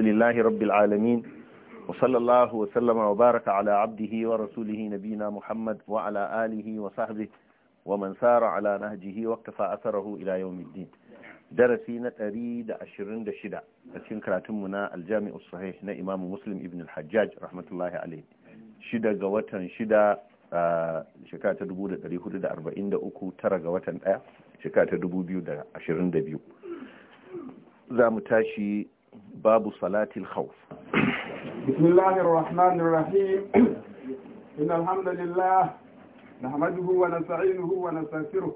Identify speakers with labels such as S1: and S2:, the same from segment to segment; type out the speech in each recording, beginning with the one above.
S1: لله رب العالمين وصلى الله وسلم وبارك على عبده ورسوله نبينا محمد وعلى آله وصحبه ومن سار على نهجه واقتفى أثره إلى يوم الدين درسينا تريد أشرين دشدة أتين كراتمنا الجامع الصحيح نا إمام مسلم ابن الحجاج رحمة الله عليه شدة قوتا شدة shekara ta 443 tara ga watan daya shekara ta 2022 za mu tashi باب صلاة الخوف
S2: بسم الله الرحمن الرحيم إن الحمد لله نحمده ونستعينه ونستغفره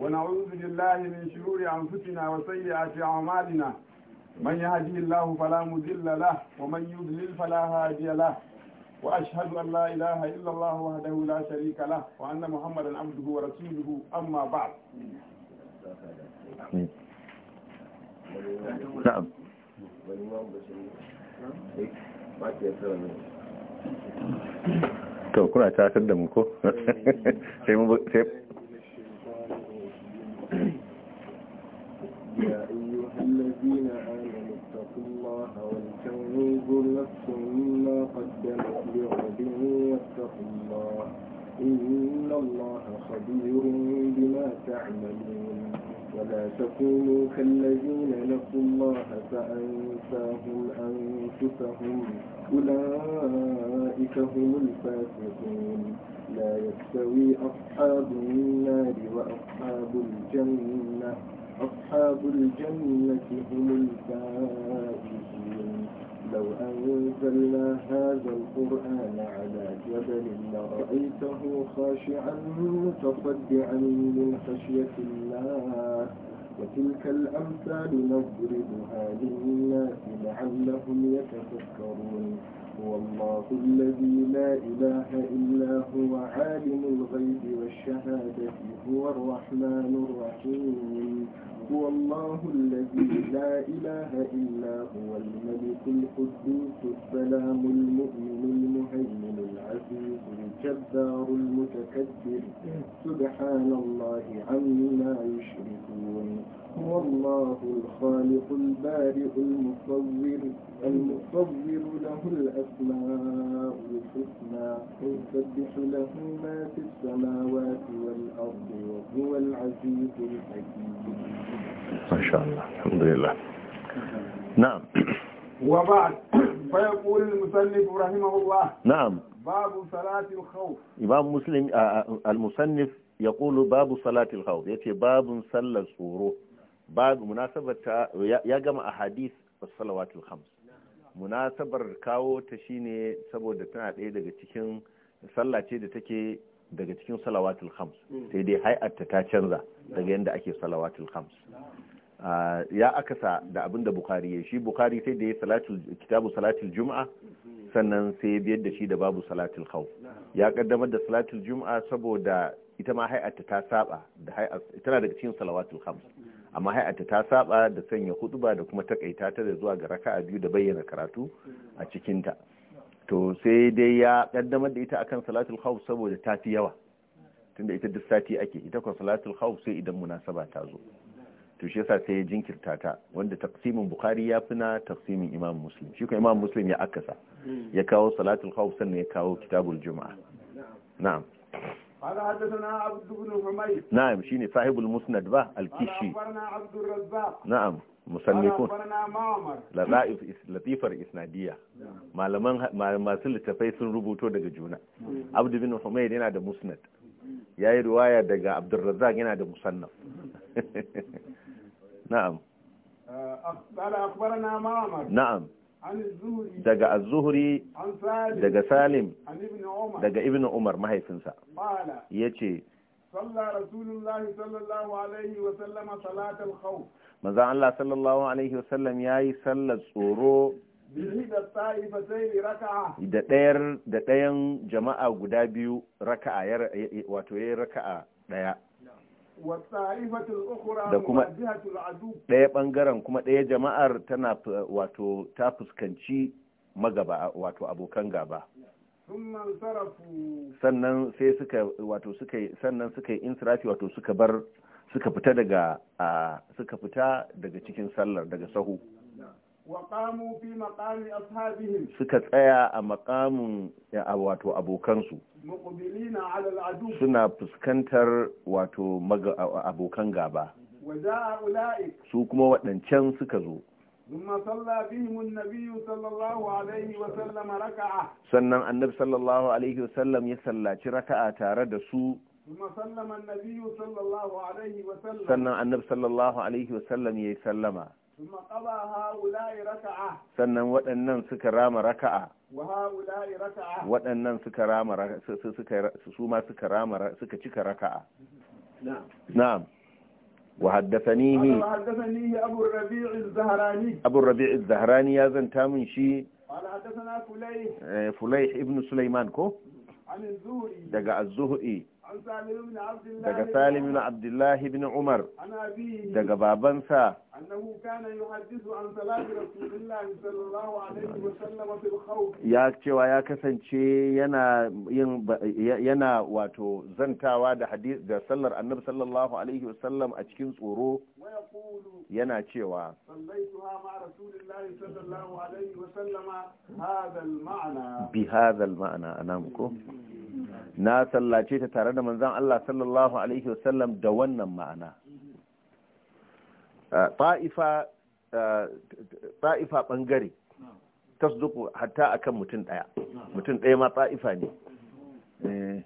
S2: ونعوذ بالله من شرور أنفسنا وسيئات أعمالنا من يهدي الله فلا مضل له ومن يضلل فلا هادي له وأشهد أن لا إله إلا الله وحده لا شريك له وأن محمدا عبده ورسوله أما بعد
S3: نعم Eh,
S1: to kuna tatar da mu ko eh, eh, sai mu sai
S3: يا أيها الذين آمنوا اتقوا الله ولتنظر نفس ما قدمت لغد واتقوا الله إن الله خبير بما تعملون ولا تكونوا كالذين نسوا الله فأنساهم أنفسهم أولئك هم الفاسقون لا يستوي أصحاب النار وأصحاب الجنة أصحاب الجنة هم الفائزون لو أنزلنا هذا القرآن على جبل لرأيته خاشعا متصدعا من خشية الله وتلك الأمثال نضربها للناس لعلهم يتفكرون هو الله الذي لا إله إلا هو عالم الغيب والشهادة هو الرحمن الرحيم هو الله الذي لا إله إلا هو الملك القدوس السلام المؤمن المهيمن العزيز الجبار المتكبر سبحان الله عما يشركون هو الله الخالق البارئ المصور المصور له الأسماء الحسنى يسبح له ما في السماوات والأرض وهو العزيز الحكيم masha Allah alhamdulillah na'am
S2: babu salat
S1: al yaqulu babu salat al-khawf yace babun sallar tsoro babu ta ya gama ahadith as-salawat al-khams munasabar kawo ta shine saboda tana ɗaya daga cikin sallah da take daga cikin salawatul khams hmm. sai dai hay'atta ta canza daga yadda ake salawatul khams ah, ya akasa da abin da bukari ya shi bukari sai da ya salatul kitabu salatul juma'a hmm. sannan sai ya biyar da shi da babu salatul khawf ya kaddamar da salatul juma'a saboda ita ma hay'atta ta saba da tana daga cikin salawatul khams hmm. amma hay'atta ta saba da sanya hutuba da kuma takaita ta da zuwa ga raka'a biyu da bayyana karatu a cikinta to sai dai ya kaddamar da ita akan salatul khawf saboda ta fi yawa tunda ita duk sati ake ita kuma salatul khawf sai idan munasaba ta zo to shi yasa sai ya jinkirta ta wanda taqsimin bukhari ya fi na taqsimin imam muslim shi kuma imam muslim ya akasa hmm. ya kawo salatul khawf sannan ya kawo kitabul juma'a na'am
S2: قال حدثنا عبد بن حميد
S1: نعم شيني صاحب المسند با الكشي أخبرنا
S2: عبد الرزاق
S1: latifar isnadiya masu littattafai sun rubuta daga juna abdu bin humayd yana da musnad yayi riwaya daga abdurrazzaq yana da musannaf na'am na'am daga az-zuhri
S2: daga salim daga ibnu
S1: umar mahaifinsa Ya ce.
S2: رسول الله صلى الله عليه وسلم صلاة الخوف
S1: ماذا الله صلى da ɗayan jama'a guda biyu raka'a wato yayin raka'a ɗaya da kuma ɗaya ɓangaren kuma ɗaya jama'ar tana wato ta fuskanci magaba wato abokan gaba sannan sai suka wato suka sannan suka yi insirafi wato suka bar suka fita daga suka fita daga cikin sallar daga sahu
S2: وقاموا في مقام أصحابهم سكت
S1: أيا مقام واتو أبو كنسو
S2: مقبلين على العدو سنا
S1: بسكنتر واتو مغ أبو كنغابا
S2: وجاء أولئك
S1: سوكما واتنان چن سكزو
S2: ثم صلى بهم النبي صلى الله عليه وسلم ركعة
S1: سنن النبي صلى الله عليه وسلم يسلى ركعة تارد سو
S2: ثم سلم النبي صلى الله عليه وسلم سنن النبي
S1: صلى الله عليه وسلم يسلم sannan waɗannan suka rama raka'a waɗannan suka rama raka'a su ma suka rama suka cika raka'a na'am wa haddathani
S2: ni abu rabi'i zahrani
S1: abu rabi'i zahrani ya zanta min shi eh, fulayh ibn sulaiman ko daga az-zuhri
S2: daga salim ibn abdullah ibn umar daga
S1: babansa ya cewa ya kasance yana yin yana wato zantawa da hadith da sallar annabi sallallahu alaihi wasallam a cikin tsoro yana cewa bi hadha al ma'ana anamu ko na sallace ta tare da manzan Allah sallallahu alaihi wasallam da wannan ma'ana ah, ta'ifa ah, ta bangare tasduku hatta akan mutum ɗaya, mutum ɗaya ma ta'ifa ne eh,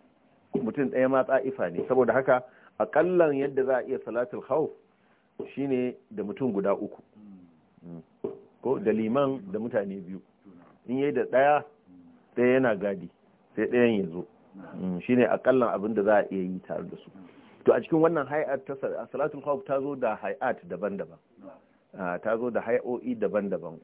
S1: mutum ɗaya ma ta'ifa ne saboda haka a ƙallon yadda za a iya salatul shi shine da mutum guda uku hmm. ko da liman da mutane biyu in yi da ɗaya, ɗaya yana gadi sai ɗayan ya zo Shi mm, shine akallan abin da za a iya yi tare da su to a cikin wannan hay'at ta salatul khawf ta zo da hay'at daban-daban ta zo da hay'o'i daban-daban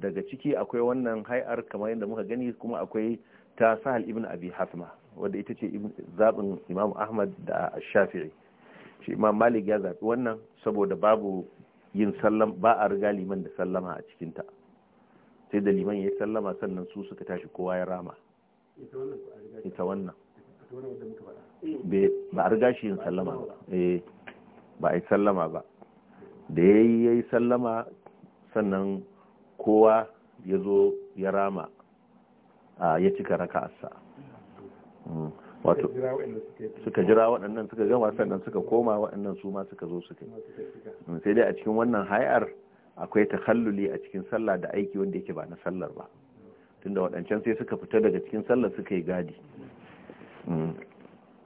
S1: daga ciki akwai wannan hay'ar kamar yadda muka gani kuma akwai ta sahal ibn abi hasma wadda ita ce zaɓin imam ahmad da shafi'i shi imam malik ya zaɓi wannan saboda babu yin sallam ba a riga liman da sallama a cikinta sai da liman ya yi sallama sannan su suka tashi kowa ya rama
S3: ita
S1: wannan ba a riga shi yin sallama eh, ba a yi sallama ba da ya yi ya yi sallama sannan kowa ya zo ya rama ya cika raka'arsa mm, wato suka jira waɗannan suka gama sannan suka koma waɗannan su ma suka zo suka mm, sai dai a cikin wannan hayar akwai takalluli a cikin sallah da aiki wanda yake ba na sallar ba tunda waɗancan sai suka fita daga cikin sallar suka yi gadi mm.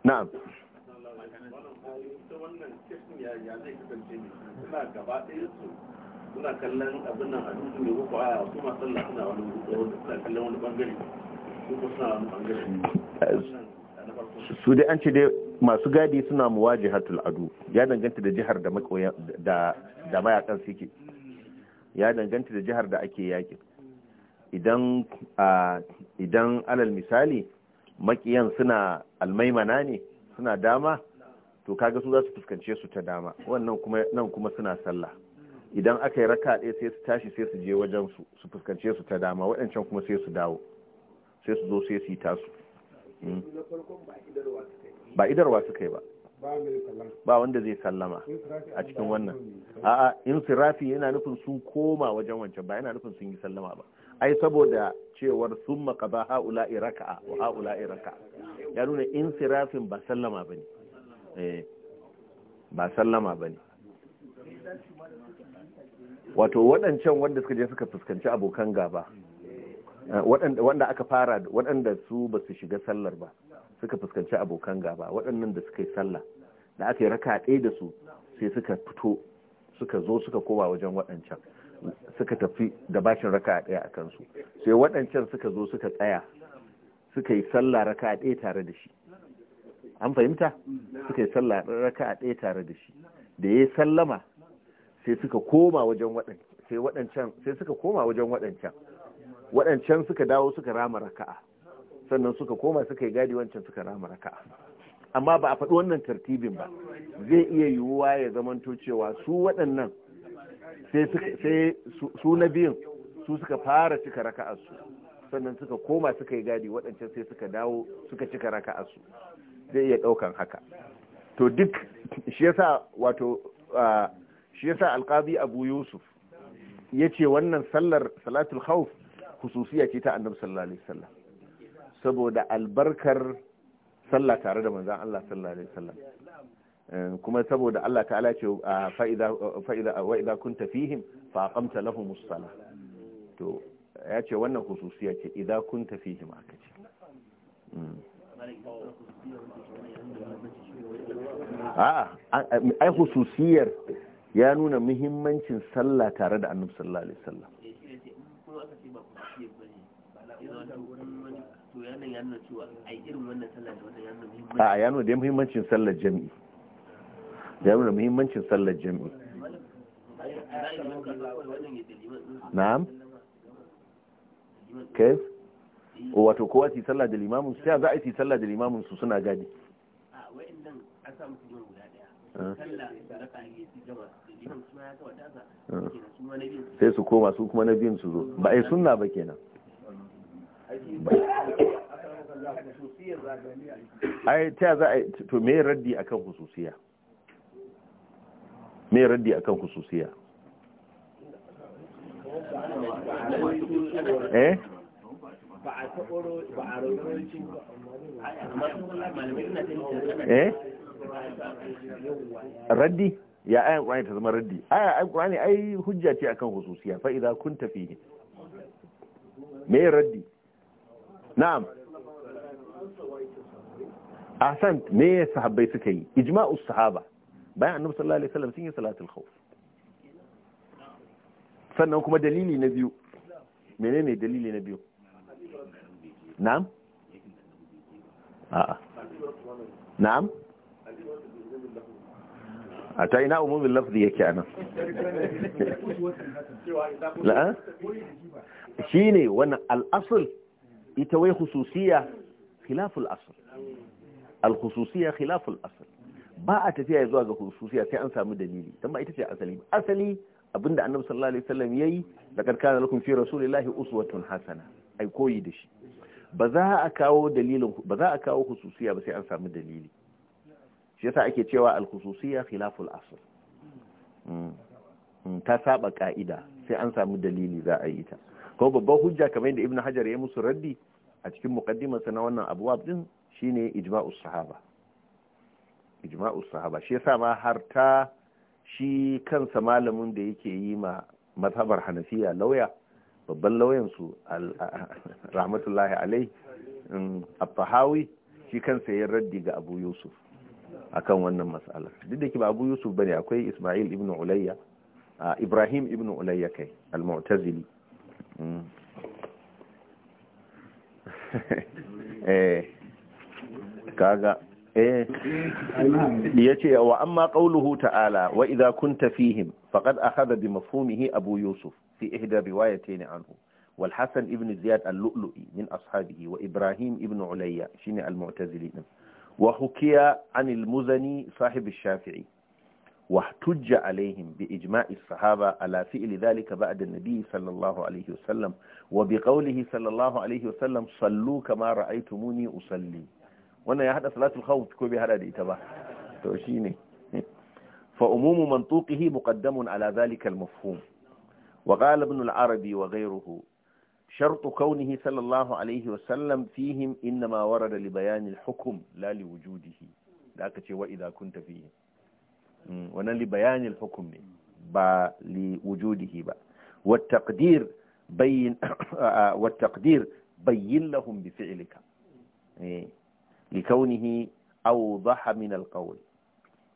S1: na'am suna kallon abin nan a
S3: dutse mai uku a kuma sallah suna wani wanda suna kallon wani bangare Kuma suna wani bangare
S1: su dai an ce dai masu gadi suna mu waje hatul adu ya danganta da jihar da mayakan suke ya danganta da jihar da ake yakin idan alal misali makiyan suna almaimana ne suna dama to kaga su za su fuskance su ta dama wannan kuma nan kuma suna sallah idan aka yi raka ɗaya sai su tashi sai su je wajen su fuskance su ta dama waɗancan kuma sai su dawo sai su zo sai su yi tasu hmm. ba idarwa su kai ba ba wanda zai sallama
S2: a cikin wannan
S1: a'a in sirafi yana nufin sun koma wajen wancan ba yana nufin sun yi sallama ba ai saboda cewar sun makaba ha'ula iraka'a wa ha'ula iraka'a ya nuna in sirafin ba sallama ba ne eh, ba sallama ba ne wato waɗancan wanda suka je suka fuskanci abokan gaba
S4: eh,
S1: waɗanda aka fara waɗanda su ba su shiga sallar ba suka fuskanci abokan gaba waɗannan da suka yi sallah da aka yi raka ɗaya da su sai suka fito suka zo suka kowa wajen waɗancan suka tafi da bashin raka ɗaya a kansu sai waɗancan suka zo suka tsaya suka yi sallah raka ɗaya tare da shi an fahimta suka yi sallah raka ɗaya tare da shi da ya sallama sai suka koma wajen waɗancan sai suka koma wajen waɗancan waɗancan suka dawo suka rama raka'a sannan suka koma suka yi gadi wancan suka rama raka'a amma ba a faɗi wannan tartibin ba zai iya yiwuwa ya zamanto cewa su waɗannan sai su na biyun su suka fara cika raka'arsu sannan suka koma suka yi gadi waɗancan sai suka dawo suka cika raka'arsu zai iya ɗaukan haka to duk shi yasa wato shi yasa abu yusuf ya ce wannan sallar salatul khawf hususiya ce ta annabi sallallahu alaihi wasallam saboda albarkar sallah tare da manzon Allah sallallahu alaihi wasallam Eh, kuma saboda Allah ta'ala ce ah, fa'iza wa kun kunta fihim fa kamta lahumus sala to ya ce wannan hususiya ce idza kunta fihim aka ce
S3: hmm. a'a
S1: ah, ai hususiyar ya nuna muhimmancin sallah tare da annabi sallallahu alaihi wasallam
S3: a
S1: ah, ya nuna da muhimmancin sallar jami'i ya nuna muhimmancin sallar jam'i na'am kai wato kowa su yi sallah da limamin su za a yi sallah da limamin su suna gadi sai su koma su kuma na biyun su zo ba a yi suna ba kenan ai ta za a yi. to me raddi akan hususiya me raddi akan hususiya
S3: eh eh
S1: raddi ya ayan qur'ani ta zama raddi aya ayan qur'ani ai hujja ce akan hususiya fa kun tafi fihi me raddi na'am ahsant me sahabbai suka yi ijma'us sahaba بيان النبي صلى الله عليه وسلم سنة صلاة الخوف فنانكم دليل نبيو منين دليل نبيو نعم آه. نعم أتينا أمم اللفظ يا كأنا
S3: لا
S1: شيني وانا الأصل يتوي خصوصية خلاف الأصل الخصوصية خلاف الأصل ba a tafiya zuwa ga hususiya sai an samu dalili don ba ita ce asali asali abinda annabi sallallahu alaihi wasallam yayi da karkana lakum fi rasulillahi uswatun hasana ai koyi da shi ba za a kawo dalilin ba za a kawo hususiya ba sai an samu dalili shi yasa ake cewa al-hususiya khilaful asl hmm. hmm, ta saba ka'ida sai an samu dalili za a yi ta ko babban hujja kamar yadda ibnu hajar ya musu raddi a cikin muqaddimarsa na wannan abwab din shine ijma'us sahaba ijma'us sahaba shi yasa ma har ta shi kansa malamin da yake yi ma mazhabar hanafiya lauya babban lauyan su rahmatullahi alai al-fahawi shi kansa ya raddi ga abu yusuf akan wannan mas'ala duk da ke ba abu yusuf bane akwai isma'il ibn ulayya ibrahim ibn ulayya kai al-mu'tazili mm. eh kaga ya ce wa amma ƙauluhu ta'ala wa idza kunta fihim faqad akhadha bi mafhumihi abu yusuf fi ihda riwayatayn anhu wal hasan ibn ziyad al-lu'lu'i min ashabihi wa ibrahim ibn ulayya shine al-mu'tazili din wa hukiya an al-muzani sahib ash-shafi'i wa tujja alaihim bi ijma'i as-sahaba ala fi'li dhalika ba'da an-nabi sallallahu alayhi wa sallam wa bi qawlihi sallallahu alayhi wa sallam sallu kama ra'aytumuni usalli wannan ya hada salatul khawf ko bai hada da ita ba to shine fa umumu mantuqihi muqaddamun ala zalika al-mafhum wa qala ibn al-arabi wa ghayruhu شرط كونه صلى الله عليه وسلم فيهم إنما ورد لبيان الحكم لا لوجوده ذاك تشي وإذا كنت فيهم وانا لبيان الحكم با لوجوده با والتقدير بين آه، والتقدير بين لهم بفعلك إيه. لكونه أوضح من القول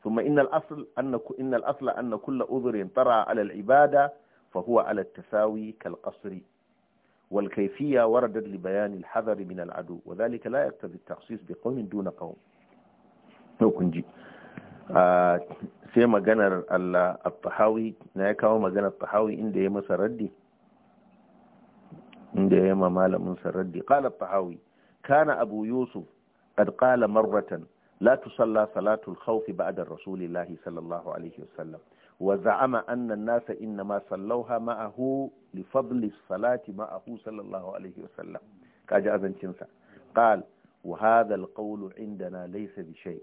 S1: ثم إن الأصل أن, إن الأصل أن كل أذر طرأ على العبادة فهو على التساوي كالقصر والكيفية وردت لبيان الحذر من العدو وذلك لا يقتضي التخصيص بقوم دون قوم لو sai maganar Allah al الطحاوي na ya الطحاوي إن ديما سردي إن ديما raddi من سردي قال الطحاوي كان أبو يوسف قد قال مرة لا تصلى صلاة الخوف بعد رسول الله صلى الله عليه وسلم وزعم أن الناس إنما صلوها معه لفضل الصلاة معه صلى الله عليه وسلم كاجا أذن قال وهذا القول عندنا ليس بشيء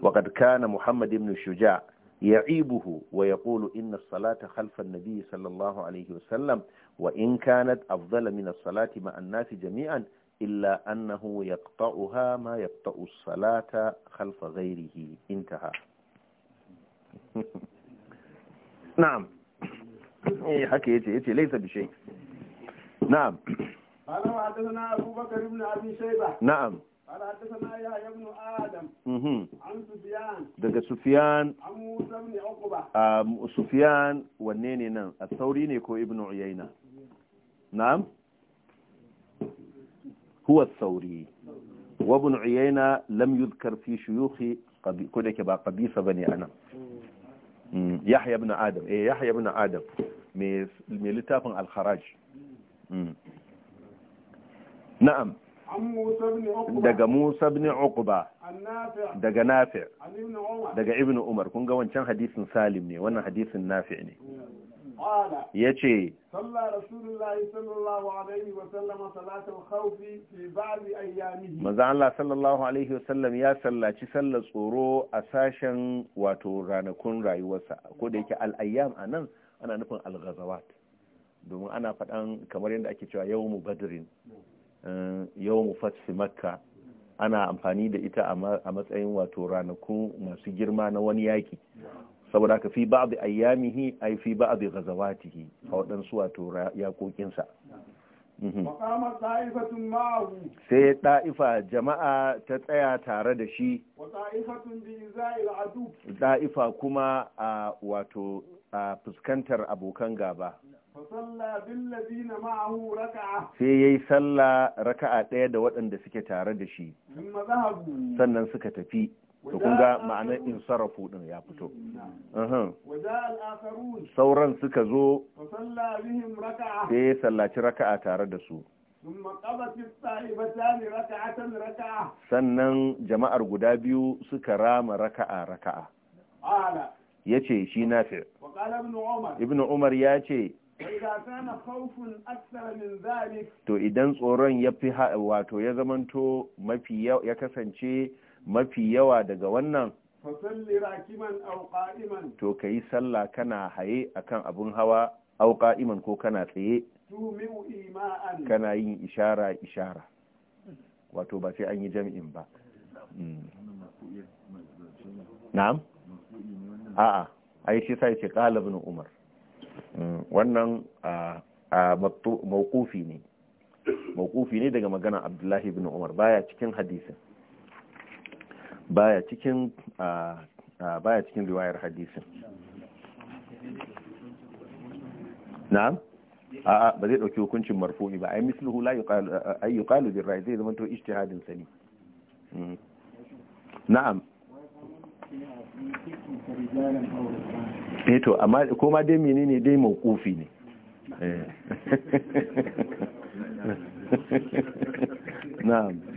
S1: وقد كان محمد بن الشجاع يعيبه ويقول إن الصلاة خلف النبي صلى الله عليه وسلم وإن كانت أفضل من الصلاة مع الناس جميعا إلا أنه يقطعها ما يقطع الصلاة خلف غيره انتهى نعم إيه، حكي يتي إيه، إيه، يتي ليس بشيء نعم
S2: قال وحدثنا أبو بكر بن أبي شيبة نعم قال حدثنا يا ابن آدم عن سفيان
S1: دقى سفيان
S2: عن موسى بن عقبة
S1: آه، سفيان ونيني نعم الثوري نيكو ابن عيينة نعم huwa sauri wa ibn uyayna lam yuzkar fi ko da ba qabisa bane anan mm, yahya ibn adam eh yahya ibn adam me littafin alharaj kharaj mm. na'am daga Musa bin Uqba daga Nafi' daga Ibnu Umar kun ga wancan hadisin Salim ne wannan hadisin Nafi' ne mm. ya ce maza Allah sallallahu alaihi wasallam ya sallaci sallar tsoro a sashen wato ranakun rayuwarsa ko da yake al'ayyam a nan ana nufin al-ghazawat domin ana faɗan kamar yadda ake cewa yawmu badrin eh, yawmu fathi makka ana amfani da ita a matsayin wato ranaku masu girma na wani yaki saboda ka fi ba'd ayyamihi ay fi ba'd ghazawatihi a waɗansu wato yaƙoƙinsa mhm. sai ɗa'ifa jama'a ta tsaya tare da shi ɗa'ifa kuma a wato a fuskantar abokan gaba sai ya yi sallah raka'a ɗaya da waɗanda suke tare da shi sannan suka tafi to kun ga ma'anar in sarrafu din ya fito
S2: sauran suka zo sai
S1: ya sallaci raka'a tare da su sannan jama'ar guda biyu suka rama raka'a raka'a ya ce shi nafi ibn umar ya ce to idan tsoron ya fi wato ya zamanto mafi ya kasance mafi yawa daga wannan to ka yi sallah kana haye akan abin hawa auka iman ko kana tsaye kana yin ishara ishara wato ba sai an yi jami'in ba hmm. na'am a'a ai shi sai ce qalibin umar hmm, wannan a mawqufi ne mawqufi ne daga magana abdullahi ibn umar baya cikin hadisin baya cikin baya cikin riwayar hadisin na'am a'a ba zai dauki hukuncin marfu'i ba ai misluhu la yuqalu ay yuqalu bir ra'i zai zama to ijtihadin sani hmm. na'am eto eh amma ko ma dai menene dai mawqufi ne
S3: eh.
S1: na'am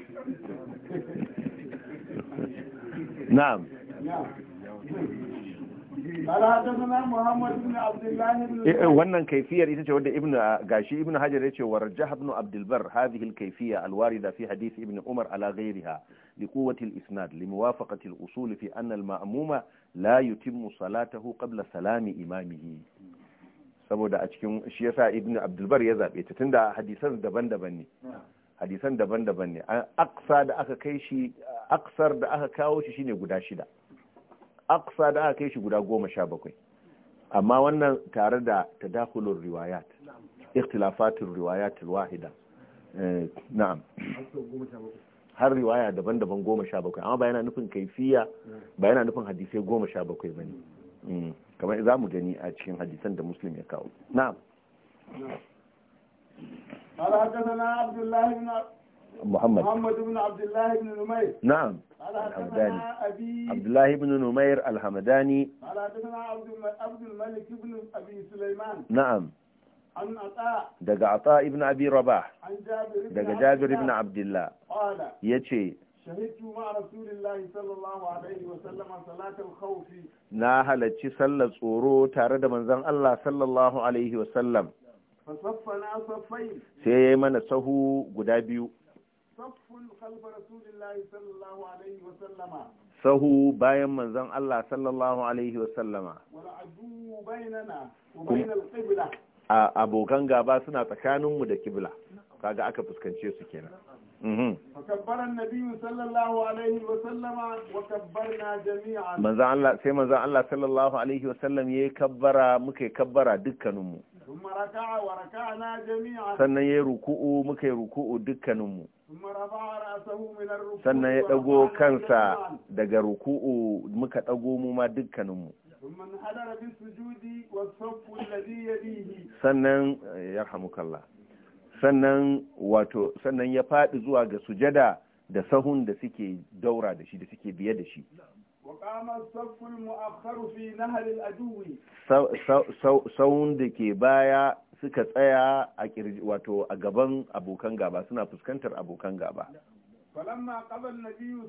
S4: نعم
S2: wannan
S1: kaifiyar ita ce wadda ibn gashi ibn hajar yace warajah ibn abd albar hadhihi alkayfiyya alwarida fi hadith ibn umar ala ghayriha liquwwati alisnad limuwafaqati alusul fi anna alma'muma la yutimmu salatahu qabla salami imamihi saboda a cikin shi yasa ibn abd albar ya zabe ta tunda hadisan daban-daban ne hadisan daban-daban ne aksa da aka kai shi aksar da aka kawo shi shine guda shida aksa da aka kai shi guda goma sha bakwai amma wannan tare da tadakulun riwayat ikhtilafatun riwayat wahida eh, na'am har riwaya daban-daban goma sha bakwai amma ba yana nufin kaifiya ba yana nufin hadisai goma sha bakwai ba ne hmm, kamar za mu gani a cikin hadisan da muslim ya kawo na'am
S2: قال حدثنا عبد الله بن محمد محمد بن عبد الله بن نمير نعم الحمداني عبد
S1: الله بن نمير الحمداني
S2: قال حدثنا عبد الملك بن ابي سليمان نعم عن عطاء
S1: دقى عطاء ابن ابي رباح
S2: عن جابر دقى جابر ابن عبد الله قال يتشي شهدت مع رسول الله صلى الله عليه وسلم صلاة الخوف
S1: نا هلتشي صلى الصورو تارد من زن الله صلى الله عليه وسلم
S2: sai
S1: ya yi mana sahu guda biyu sahu bayan manzon Allah sallallahu alaihi wasallama a abokan gaba suna tsakaninmu da kibla kaga aka fuskance su kenan
S2: fakabbaran Nabi sallallahu alaihi wa sallama wa kabbarna jami'an manzon
S1: Allah sai manzon Allah sallallahu alaihi wa sallam yayi kabbara yi kabbara dukkaninmu sannan ya yi ruku'u muka yi ruku'u dukkaninmu sannan ya ɗago kansa daga ruku'u muka ɗago mu ma dukkaninmu sannan ya hamukalla sannan wato sannan ya faɗi zuwa ga sujada da sahun da suke daura da shi da suke biye da shi
S2: وقام الصف المؤخر في نهر الأدو
S1: سون da ke baya suka tsaya a kirji wato a gaban abokan gaba suna fuskantar abokan gaba
S2: falamma qaba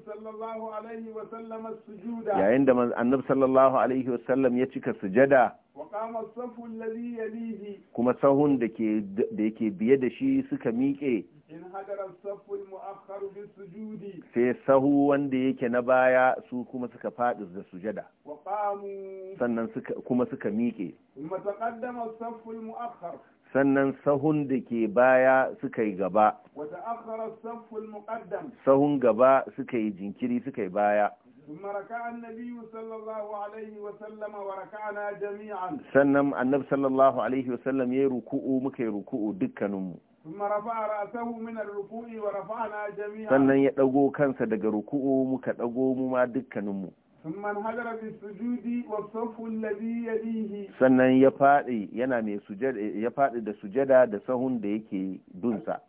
S2: sallallahu alaihi wa sallam as-sujuda yayin da
S1: annabi sallallahu alaihi wa sallam ya cika sujada
S2: wa qama as-safu alladhi yalihi
S1: kuma sahun da ke da yake biye da shi suka miƙe sai sahu wanda yake na baya su kuma suka faɗi da sujada sannan kuma suka miƙe sannan sahun da ke baya suka yi gaba sahun gaba suka yi jinkiri suka yi baya
S2: sannan annabi
S1: sallallahu alaihi wasallam ya yi ruku'u muka yi ruku'u dukkaninmu sannan ya ɗago kansa daga ruku'u muka ɗago mu ma dukkaninmu sannan ya faɗi yana mai ya faɗi da sujada da sahun da yake dunsa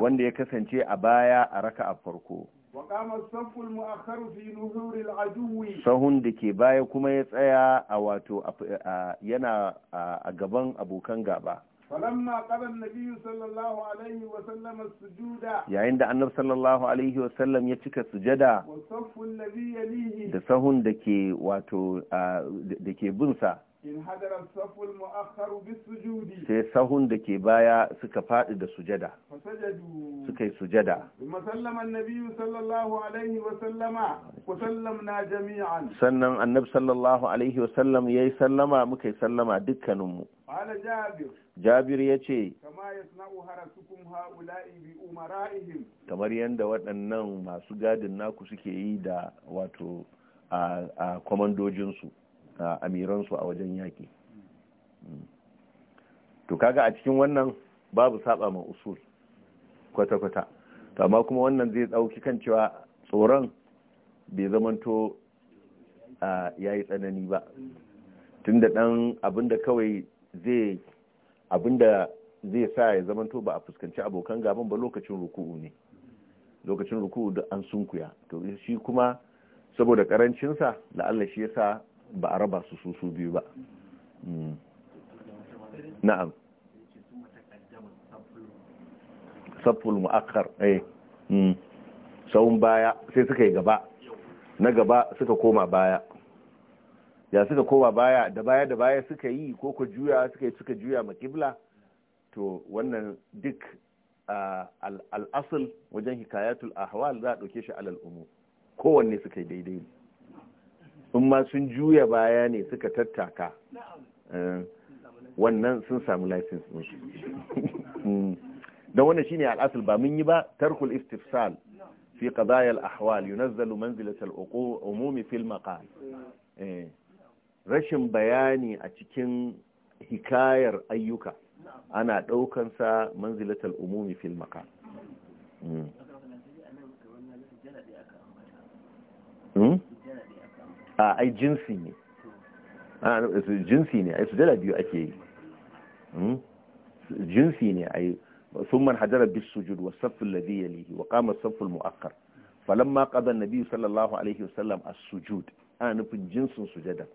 S1: wanda ya kasance a baya a raka'a farko sahun da ke baya kuma ya tsaya a wato yana a gaban abokan gaba yayin da annabi sallallahu alaihi wasallam ya cika sujada da sahun da ke wato da ke bin sai sahun da ke baya suka faɗi da sujada suka yi sujada
S2: sannan annabi sallallahu
S1: alaihi wasallam ya yi sallama muka yi sallama dukkaninmu jabir ya ce kamar yadda waɗannan masu gadin naku suke yi da wato a kwamandojinsu amiransu a wajen yaki. Mm. to kaga a cikin wannan babu saba ma usul kwata-kwata to amma kuma wannan zai ɗauki kan cewa tsoron bai zamanto ya yi tsanani ba Tunda da ɗan abinda kawai zai abinda zai sa ya zamanto ba a fuskanci abokan gaban ba lokacin ruku'u ne lokacin ruku'u da an sunkuya to shi kuma saboda ƙarancinsa, la'alla shi yasa ba a raba su su su biyu ba hmm. na'am saful mu'akkar eh hmm. sawun baya sai suka yi gaba na gaba suka koma baya ya suka koma baya da baya da baya suka yi ko ku juya suka yi suka juya ma kibla to wannan duk al'asul wajen hikayatul ahwal za a ɗauke shi alal umu kowanne suka yi daidai in ma sun juya baya ne suka tattaka eh, wannan sun samu license su don wannan shine al'asul ba mun yi ba tarkul istifsal fi qadaya al-ahwal yunazzalu manzilat al-umumi fil maqal eh, rashin bayani a cikin hikayar ayyuka ana daukan sa manzilat al-umumi fil maqal hmm. a ai jinsi ne jinsi ne ai sujada biyu ake yi hmm? jinsi ne ai ثم انحدر بالسجود والصف الذي يليه وقام الصف المؤخر فلما قضى النبي صلى الله عليه a sujud ana nufin jinsin sujada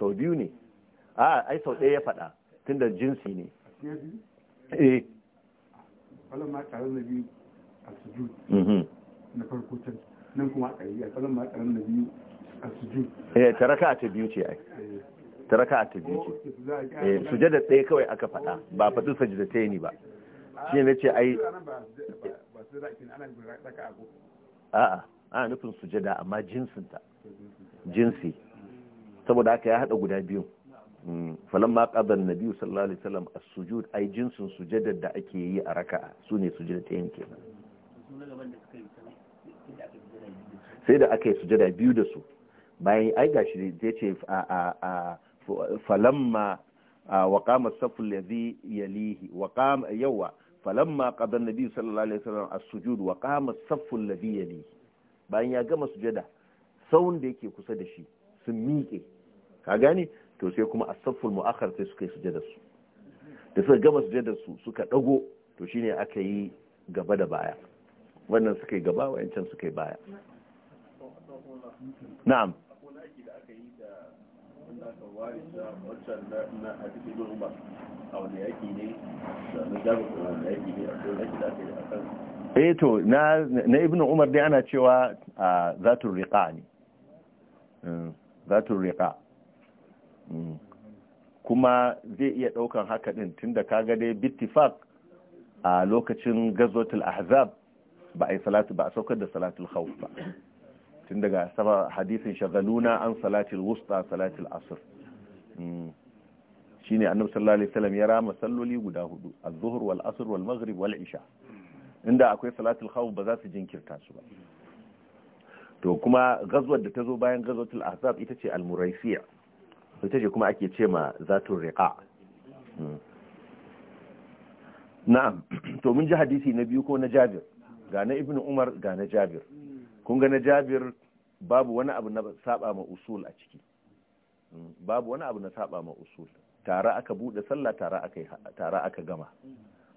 S1: sau biyu ne a ai sau ɗaya ya faɗa tunda jinsi ne
S3: eh
S2: ma tare na biyu a sujud mhm. na farko can nan kuma a ƙari a ma tare na biyu
S1: eh ta ta biyu ce ai
S2: ta raka'a biyu ce eh sujada
S1: ɗaya kawai aka faɗa ba faɗi sajda ta ni ba
S2: shi ne ce ai
S1: a'a ana nufin sujada amma jinsinta jinsi saboda haka ya haɗa guda biyu mm. falamma qadar nabi sallallahu alaihi wasallam as-sujud ai jinsin sujadar da ake yi a raka'a sune sujada ta yanke sai da aka yi sujada biyu da su bayan ai gashi zai ce a falamma wa qama safu alladhi yalihi wa yawa falamma kadan nabi sallallahu alaihi wasallam a sujudu wa qama safu alladhi yalihi bayan ya gama sujada saun da yake kusa da shi sun miƙe ka gane to sai kuma a safu mu'akar sai suka yi sujada su da suka gama sujada su suka ɗago to shine aka yi gaba da baya wannan suka yi gaba wayancan suka yi baya na'am da na na eh to na na ibnu umar dai ana cewa zatul riqa ne mm, zatul riqa mm. kuma zai iya daukan haka din tunda kaga dai bittifaq a lokacin gazwatul ahzab ba a yi salatu ba a saukar da salatul khawf ba tun daga sama hadisin shagaluna an salatil wusta salatil asr mm. shine annabi sallallahu alaihi wasallam ya rama salloli guda hudu az-zuhr wal asr wal maghrib wal isha inda akwai salatul khawf ba za su jinkirta su ba to kuma gazwar da ta zo bayan gazwatul ahzab ita ce al-muraisiya ita ce kuma ake ce ma zatul riqa mm. na'am to mun ji hadisi na biyu ko na Jabir ga na Ibn Umar ga na Jabir kun ga na jabir babu wani abu na saba ma usul a ciki mm, babu wani abu na saba ma usul tare aka bude sallah tare aka tare aka gama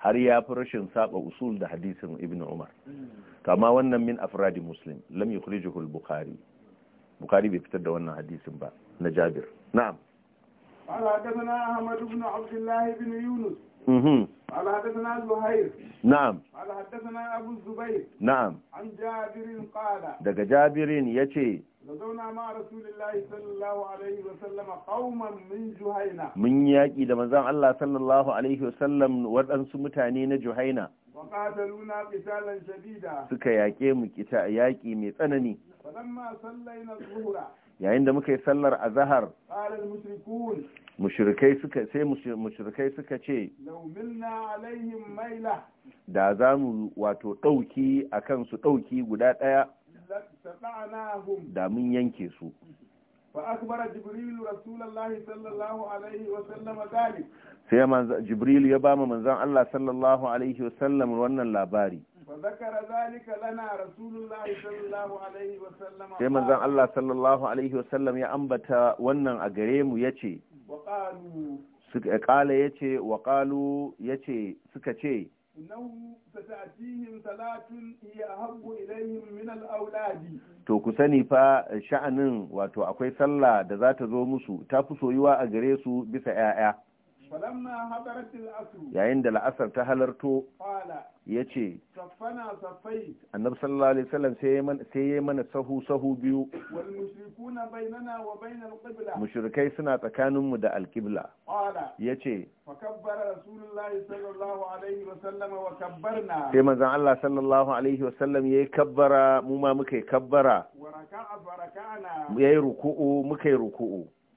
S1: har ya fi rashin saba usul da hadisin ibn umar kama wannan min afradi muslim lam yukhrijuhu al-bukhari bukhari bai fitar da wannan hadisin ba na jabir na'am
S2: قال حدثنا أحمد بن عبد الله Yunus. اها قال حدثنا زهير نعم قال حدثنا ابو الزبير نعم عن جابر قال
S1: دغ جابر يتي
S2: zauna ma rasulillahi sallallahu alaihi wasallam qauman min juhaina mun
S1: yaki da manzon Allah sallallahu alaihi wasallam wadansu mutane na juhaina
S2: wa qataluna qitalan shadida
S1: suka yaƙe mu kita yaƙi mai tsanani
S2: falamma sallaina zuhra
S1: yayin da muka yi sallar azhar qalal mushirkai suka sai mushirkai suka ce
S2: laumilna alaihim maila
S1: da za mu wato dauki akan su dauki guda daya da mun yanke su
S2: فأخبر جبريل رسول الله صلى الله عليه وسلم ذلك
S1: sai jibril ya ba mu manzon Allah sallallahu alaihi wasallam wannan labari sai manzon Allah sallallahu alaihi wasallam ya ambata wannan a gare mu yace suka kala ya ce wa kalu ya ce suka ce to ku sani fa sha'anin wato akwai sallah da za ta zo musu ta fi soyuwa a gare su bisa 'ya'ya yayin da la'asar ta halarto ya ce annab sallallahu alaihi sai ya mana sahu sahu biyu mushrikai suna tsakaninmu da alkibla ya ce sai manzan Allah sallallahu alaihi wasallam ya yi kabbara mu ma muka yi kabbara ya yi ruku'u muka yi ruku'u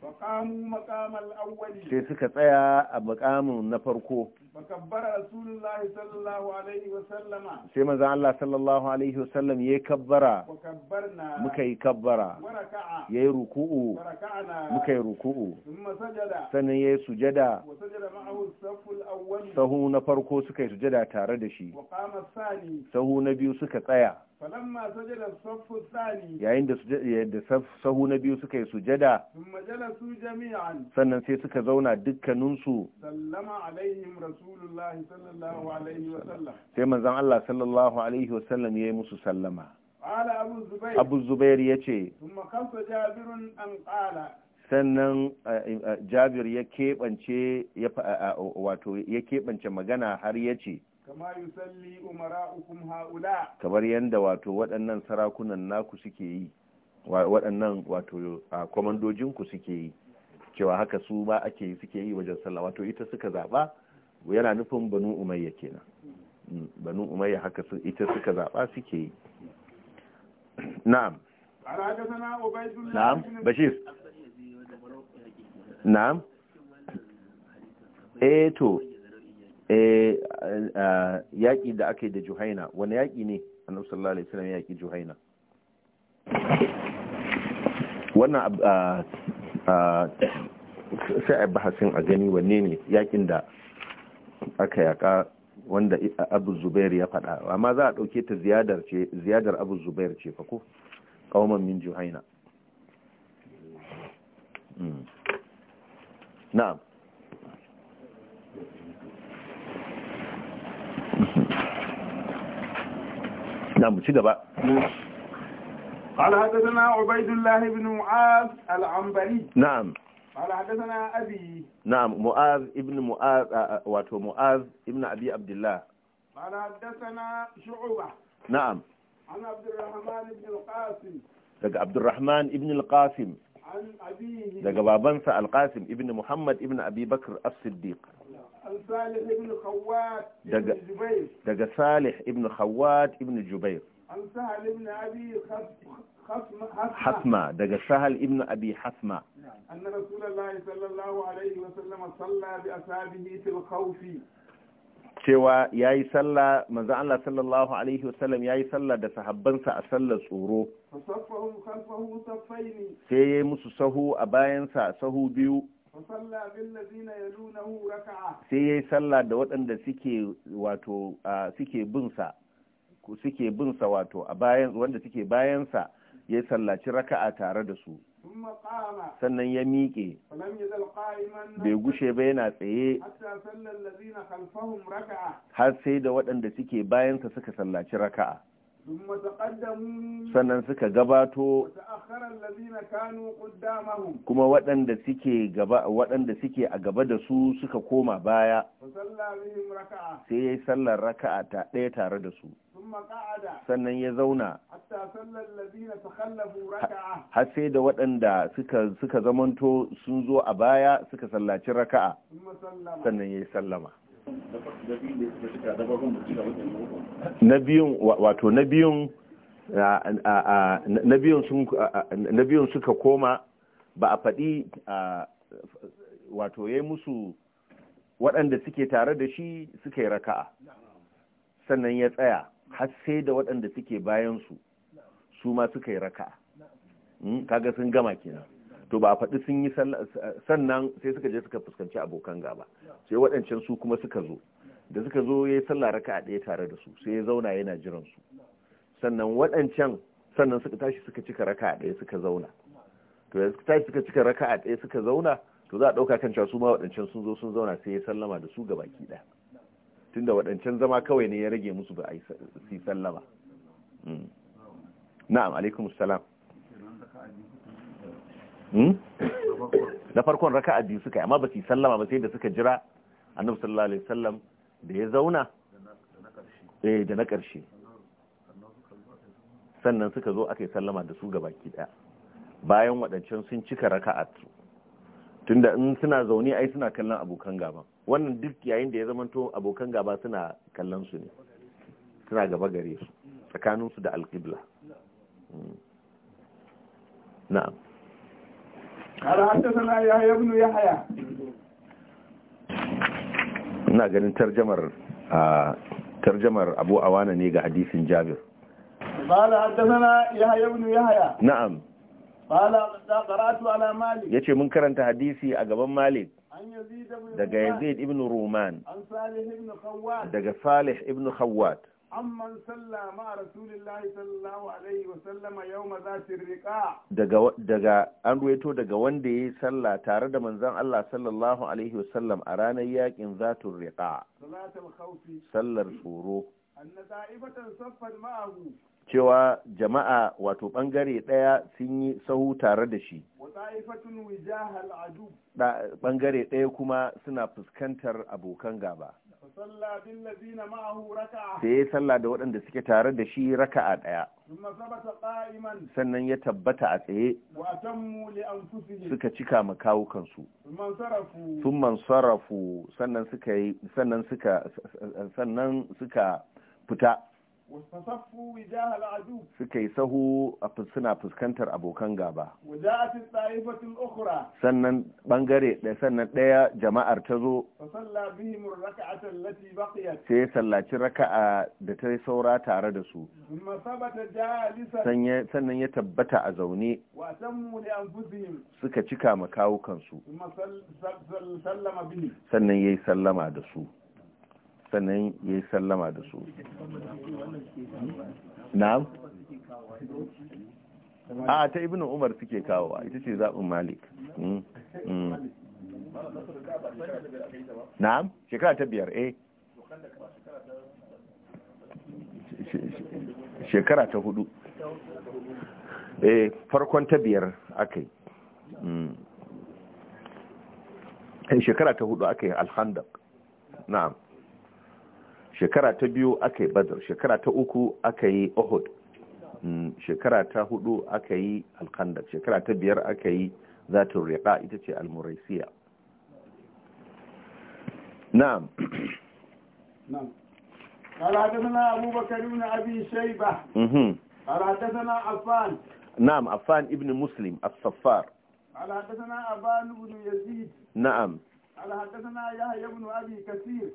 S2: sai
S1: suka tsaya a makamin na farko sai maza Allah sallallahu alaihi wasallam ya yi kabbara
S2: muka yi kabbara ya yi ruku'u muka yi ruku'u sannan
S1: ya yi sujada sahu na farko suka yi sujada tare da shi sahu na biyu suka tsaya
S2: falamma sajada saffu sani. yayin
S1: da da sahu na biyu suka yi sujada
S2: thumma jalasu jami'an
S1: sannan sai suka zauna dukkanin su
S2: sallama alaihim rasulullahi sallallahu alaihi wa sallam
S1: sai manzon Allah sallallahu alaihi wa sallam yayi musu sallama
S2: qala abu zubair abu
S1: zubair yace
S2: thumma khamsa jabirun an qala
S1: sannan jabir ya keɓance wato ya keɓance magana har ya ce kamar yadda wato waɗannan sarakunan naku suke yi waɗannan wato kwamandojinku suke yi cewa haka su ma ake yi suke yi wajen sallah wato ita suka zaɓa yana nufin banu umayya kenan mm, banu umayya haka ita suka zaɓa suke yi na'am
S2: na'am bashir
S1: na'am eh to Eh, yaƙi da aka yi da juhaina wani yaƙi ne annabi sallallahu alaihi wasallam yaƙi juhaina wannan sai a bahasin a gani wanne ne yaƙin da aka yaƙa wanda abu zubair ya faɗa amma za a ɗauke ta ziyadar abu zubair ce fa ko ƙauman min juhaina hmm. na'am نعم, نعم، شي بقى
S2: قال حدثنا عبيد الله بن معاذ العنبري نعم قال حدثنا أبي
S1: نعم معاذ ابن معاذ آه، آه، واتو معاذ ابن أبي عبد الله
S2: قال حدثنا شعبة نعم عن عبد الرحمن بن القاسم
S1: daga عبد الرحمن ابن القاسم
S2: عن أبيه
S1: al-Qasim القاسم ابن محمد ابن أبي بكر الصديق daga salih ibn khawat ibn jubair hasma daga sahal ibn abi hasma
S2: anna rasulullahi sallallahu alaihi wa sallam salla bi ashabihi fil
S1: cewa ya yi manzo Allah sallallahu alaihi ya yi sallah da sahabbansa a sallar tsoro sai ya yi musu sahu a bayansa sahu biyu sai ya yi sallah da waɗanda suke wato suke binsa suke binsa wato a bayan wanda suke bayansa ya sallaci raka'a tare da su sannan ya miƙe
S2: bai gushe ba
S1: yana tsaye har sai da waɗanda suke bayansa suka sallaci raka'a sannan suka gabato kuma waɗanda suke gaba waɗanda suke a gaba da su suka koma baya
S2: sai ya
S1: yi sallar raka'a ta ɗaya tare da su sannan ya zauna har sai da waɗanda suka suka zamanto sun zo a baya suka sallaci raka'a sannan ya yi sallama na biyun wato na biyun na biyun suka koma ba a faɗi wato ya musu waɗanda suke tare da shi suka yi raka'a sannan ya tsaya har sai da waɗanda suke bayansu su ma suka yi raka'a hmm, kaga sun gama kenan to ba faɗi sun yi sannan sai suka je suka fuskanci abokan gaba sai waɗancan su kuma suka zo da suka zo ya yi sallah raka a ɗaya tare da su sai ya zauna yana jiran su sannan waɗancan sannan suka tashi suka cika raka a ɗaya suka zauna to da suka tashi suka cika raka a ɗaya suka zauna to za a ɗauka kan su ma waɗancan sun zo sun zauna sai ya sallama da su ki ɗaya tunda waɗancan zama kawai ne ya rage musu ba a yi sallama hmm. na'am alaikum salam Hmm? na farkon raka'a biyu suka yi amma ba su sallama ba sai da suka jira annabi sallallahu alaihi wasallam da ya zauna eh da na ƙarshe sannan suka zo aka yi sallama da su gabaki daya bayan waɗancan sun cika raka'a su tunda in suna zaune ai suna kallon abokan gaba wannan duk yayin da ya zamanto abokan gaba suna kallon su ne suna gaba gare su tsakaninsu da alƙibla hmm. na'am
S2: قال حدثنا يحيى بن يحيى
S1: ina ganin tarjamar a tarjamar Abu a wane ne ga hadisin Jabir
S2: ya حدثنا يحيى بن يحيى نعم قال قرات على مالك yace mun
S1: karanta hadisi a gaban Malik
S2: daga Yazid ibn Ruman daga Salih ibn Khawwat amman salla ma rasulillahi sallallahu alaihi wa sallama ma za riqa
S1: daga daga an ruwaito daga wanda ya yi sallah tare da manzon Allah sallallahu alaihi wa sallam a ranar yakin zatur riƙa.
S2: salatul khawfi
S1: sallar tsoro
S2: anna ta'ifatan saffan ma'ahu
S1: cewa jama'a wato bangare ɗaya sun yi sahu tare da shi bangare ɗaya kuma suna fuskantar abokan gaba
S2: sai ya
S1: salla da waɗanda suke tare da shi raka a ɗaya sannan ya tabbata a tsaye suka cika ma kawukansu sun mansarafu sannan sannan suka fita suka yi sahu suna fuskantar abokan gaba sannan bangare da sannan ɗaya jama'ar ta zo
S2: sai ya
S1: sallaci raka'a da ta saura tare da su sannan ya tabbata a zaune suka cika makawukansu sannan ya yi sallama da su sannan ya yi sallama da su na'am a ta ibn umar suke kawo ita ce zaɓin malik mm, mm. na'am shekara ta biyar eh shekara ta hudu eh farkon ta biyar aka yi mm. eh, shekara ta hudu aka yi alhandar na'am shekara ta biyu aka yi badar shekara ta uku aka yi uhud mm, shekara ta hudu aka yi alkandar shekara ta biyar aka yi zatun riƙa ita ce almuraisiya na'am
S2: na'am قال أبو بكر بن أبي شيبة قال حدثنا عفان
S1: نعم عفان Ibn مسلم الصفار
S2: قال حدثنا أبان بن يزيد قال حدثنا يحيى بن ابي كثير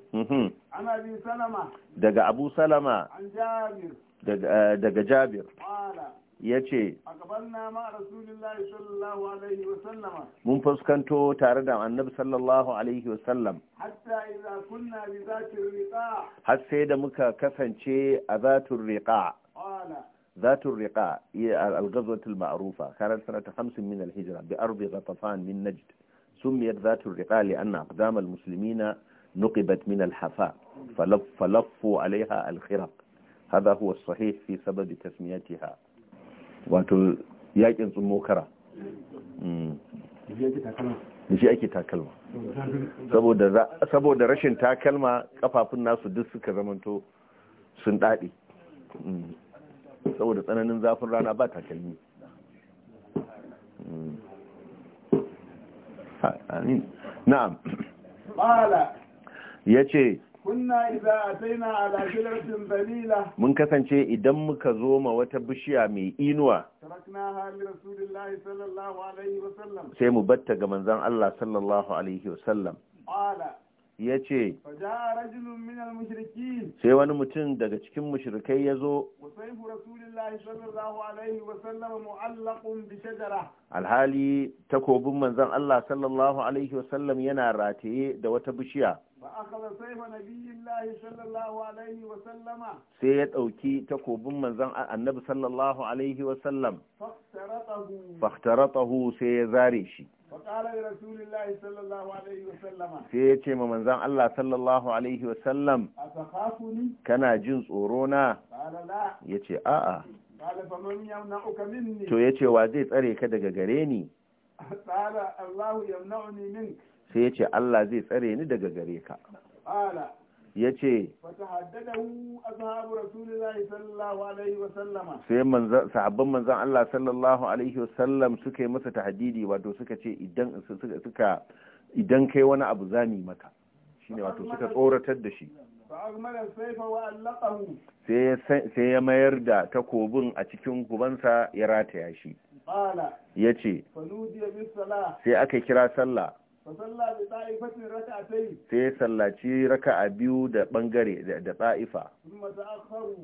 S2: عن ابي سلمه
S1: دغ ابو سلمه
S2: عن جابر
S1: دغ جابر قال yace mun fuskanto tare da annabi sallallahu alaihi wasallam har sai da muka kasance a zatun riƙa zatun riƙa al-gazwatul ma'rufa karar sanata 50 min al-hijra bi ardi ghatafan min najd سميت ذات الرقاع لأن أقدام المسلمين نقبت من الحفاء فلف فلفوا عليها الخرق هذا هو الصحيح في سبب تسميتها wato yakin سموكرا kara da ake takalma saboda rashin takalma kafafun nasu duk suka zamanto sun daɗe saboda tsananin zafin rana ba takalmi na'am qala yace
S2: kunna idza ataina ala shajaratin dalila mun
S1: kasance idan muka zo ma wata bishiya mai inuwa
S2: taraknaha li rasulillahi sallallahu alaihi wasallam sai
S1: mu batta ga manzon Allah sallallahu alaihi wasallam qala ya ce sai wani mutum daga cikin mushrikai ya zo alhali takobin manzan Allah sallallahu alaihi wasallam yana rataye da wata bishiya sai ya ɗauki takobin manzan annabi sallallahu alaihi wasallam faktaratahu sai ya zare shi sai ya ce ma manzan Allah sallallahu alaihi wasallam kana jin tsoro na ya ce a'a to ya ce wa zai tsare ka daga gare ni sai ya ce Allah zai tsare ni daga gare ka ya ce sai sahabban manzan Allah sallallahu alaihi wasallam suka yi masa tahdidi wato suka ce idan kai wani abu zami maka shine wato suka tsoratar da shi sai ya mayar da takobin a cikin gubansa ya rataya shi ya ce sai aka kira sallah sai sallaci a biyu da bangare da ta'ifa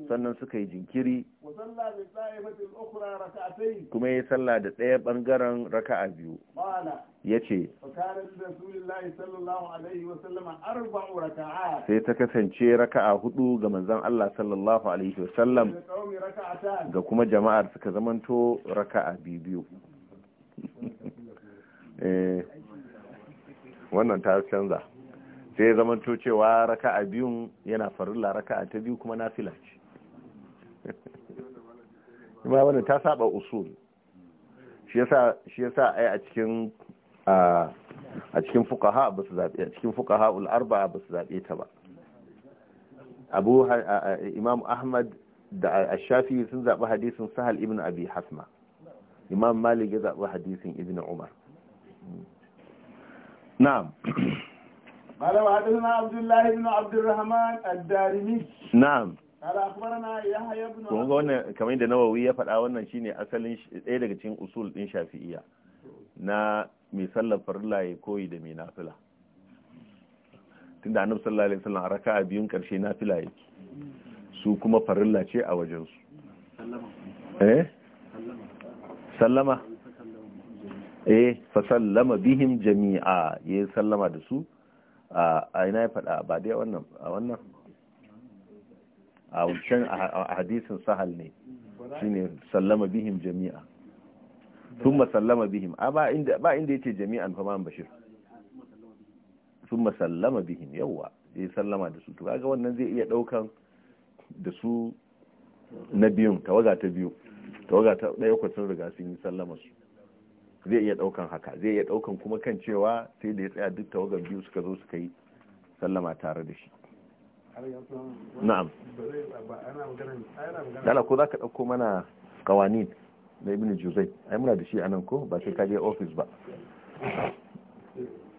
S1: sannan suka yi jinkiri kuma ya salla da ɗaya bangaren a biyu ya ce sai ta kasance a hudu ga manzan Allah sallallahu alaihi wasallam ga kuma jama'ar suka zamanto a biyu biyu eh. wannan ta canza sai ya zama cewa raka'a biyun yana farilla a ta biyu kuma fila ce
S3: ma wannan ta saba
S1: usul shi ya sa a cikin a cikin fukaha ba su ul ba su zaɓe ta ba abu imam ahmad da ashafi shafi sun zabi hadisin sahal ibn abi hasma imam malik ya zabi hadisin ibn umar نعم
S2: قال وحدثنا عبد الله بن عبد الرحمن الدارمي نعم قال اخبرنا kun ga
S1: wannan kamar da nawawi ya faɗa wannan shine asalin ɗaya daga cikin usul din shafi'iyya na mai sallar farilla koyi da mai nafila tunda annabi sallallahu alaihi wasallam raka'a biyun karshe nafila yake su kuma farilla ce a wajen su eh sallama sallama eh fa sallama bihim jami'a ya sallama da su a ina ya faɗa ba dai wannan a wannan a wancan a hadisin sahal ne shine sallama bihim jami'a thumma sallama bihim a ba inda ba inda jami'an fa man bashir thumma sallama bihim yawa ya sallama da su to kaga wannan zai iya daukan da su na biyun tawaga ta biyu tawaga ta ɗaya kwacin riga sun yi sallama su zai iya daukan haka zai iya daukan kuma kan cewa sai da ya tsaya duk tawagar biyu suka zo suka yi sallama tare da shi
S3: na'am dala ko za
S1: ka dauko mana kawanin na ibn juzai ai muna da shi a nan ko ba sai ka je office ba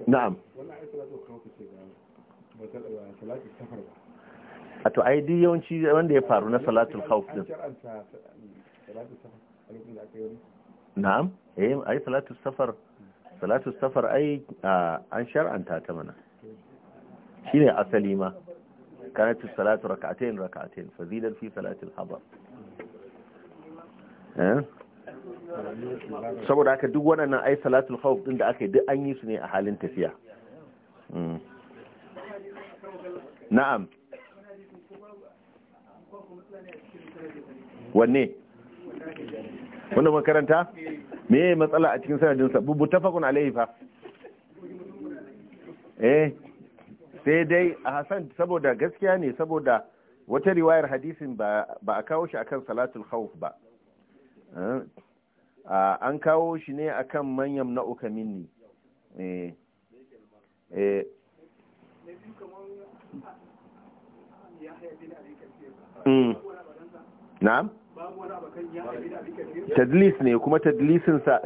S1: na'am a to ai duk yawanci wanda ya faru na salatul khawf din na'am eh ai salatu safar salatu safar ai an shar'anta ta mana shine asali ma kanatu salatu rak'atayn rak'atayn fadilan fi salati al-hadar eh saboda haka duk waɗannan ai al khawf din da aka yi duk an yi su ne a halin tafiya hmm. na'am wanne wanda makaranta? me matsala a cikin sanadinsa bubu tafakun alaihi fa eh sai dai a hasan saboda gaskiya ne saboda wata riwayar hadisin ba a kawo shi akan salatul hauf ba eh, an kawo shi ne akan manyan na'uka minni eh, eh. Hmm. na'am tadlis ne kuma tadlisinsa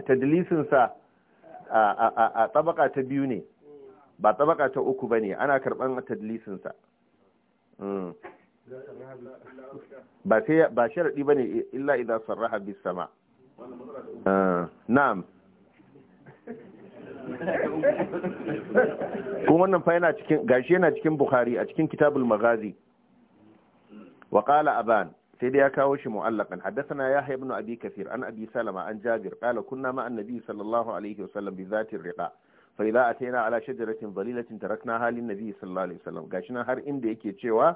S1: a tsabaka ta biyu ne ba tsabaka ta uku ba ne ana karɓar tadlisinsa hmm. ba sharaɗi ba ne illa idan sarraha bis sama ah, na'am kuma wannan fa yana cikin gashi yana cikin bukhari a cikin kitabul magazi wa qala aban sai dai ya kawo shi mu'allaqan haddathana yahya ibn abi kathir an abi salama an jabir qala kunna ma annabi sallallahu alaihi wasallam bi zati riqa fa idza ataina ala shajaratin dhalilatin taraknaha lin nabi sallallahu alaihi wasallam gashi nan har inda yake cewa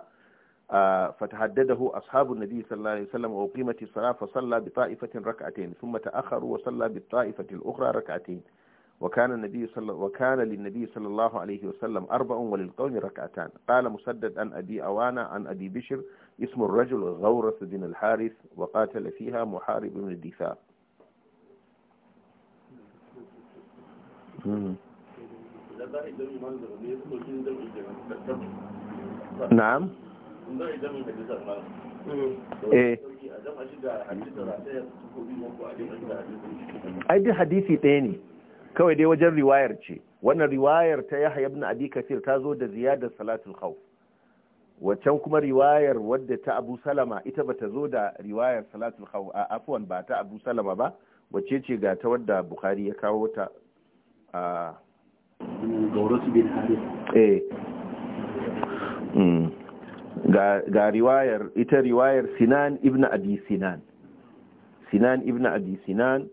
S1: فتحدده أصحاب النبي صلى الله عليه وسلم وقيمت الصلاة فصلى بطائفة ركعتين ثم تأخر وصلى بالطائفة الأخرى ركعتين وكان النبي صلى وكان للنبي صلى الله عليه وسلم أربع وللقوم ركعتان قال مسدد عن أبي أوانا عن أبي بشر اسم الرجل غورة بن الحارث وقاتل فيها محارب بن الدفاع نعم eh ai duk hadisi ɗaya ne kawai dai wajen riwayar ce wannan riwayar ta yahya ibn abi ta zo da ziyadar salatul khawf waccan kuma riwayar wadda ta abu salama ita bata zo da riwayar salatul khawf a afwan ba ta abu salama ba wacce ce ga ta wadda bukhari ya kawo ta a gaurus bin harith eh mm, ga ga riwayar ita riwayar sinan ibn abi sinan sinan ibn abi sinan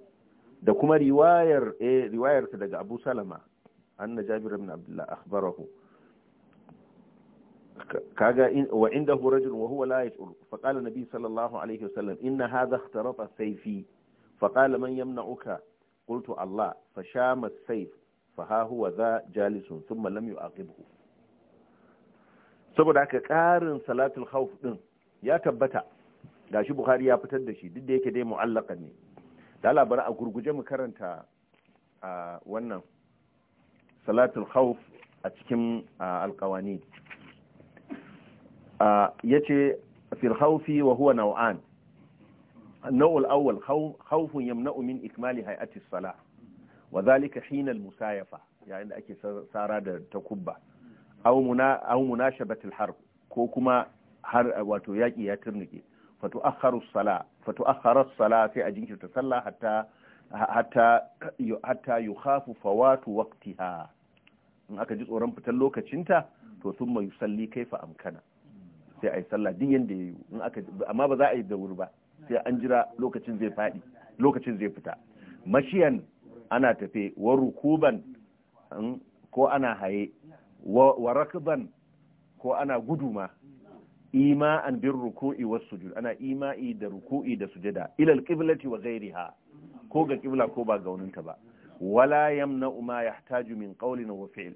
S1: da kuma riwayar eh riwayar ta daga abu salama anna jabir ibn abdullah akhbarahu kaga wa inda hu rajulun wa huwa la yash'ur fa qala nabi sallallahu alaihi wasallam inna hadha ikhtarata sayfi fa qala man yamna'uka qultu Allah fa shama sayf fa ha huwa za jalisun thumma lam yu'aqibhu saboda haka karin salatul khawf din ya tabbata gashi bukhari ya fitar da shi duk da yake dai mu'allaqan ne da labar a gurguje mu karanta wannan salatul khawf a cikin alqawani ya ce filhaufi wa huwa nau'an nau'ul auwal haufun yamna'u naumin ikmali hay'atis sala wa zalika hina musayafa yayin da ake sara da takubba aw munashabatil harb ko kuma har wato yaki ya turnike fatu akharu sala fatu akhara sala sai a jinkirta sallah hatta hatta hatta yukhafu fawatu waqtiha in aka ji tsoron fitar lokacinta to thumma yusalli kaifa amkana sai a yi sallah duk yadda ya yi amma ba za a yi da wuri ba sai an jira lokacin zai faɗi lokacin zai fita mashiyan ana tafe wa rukuban hmm, ko ana haye wa rakban ko ana guduma ima'an bin ruku'i wa sujud ana ima'i da ruku'i da sujada ila qiblati wa ghayriha ko ga qibla ko ba ga wuninta ba wala yamna ma yahtaju min qawlin wa fi'l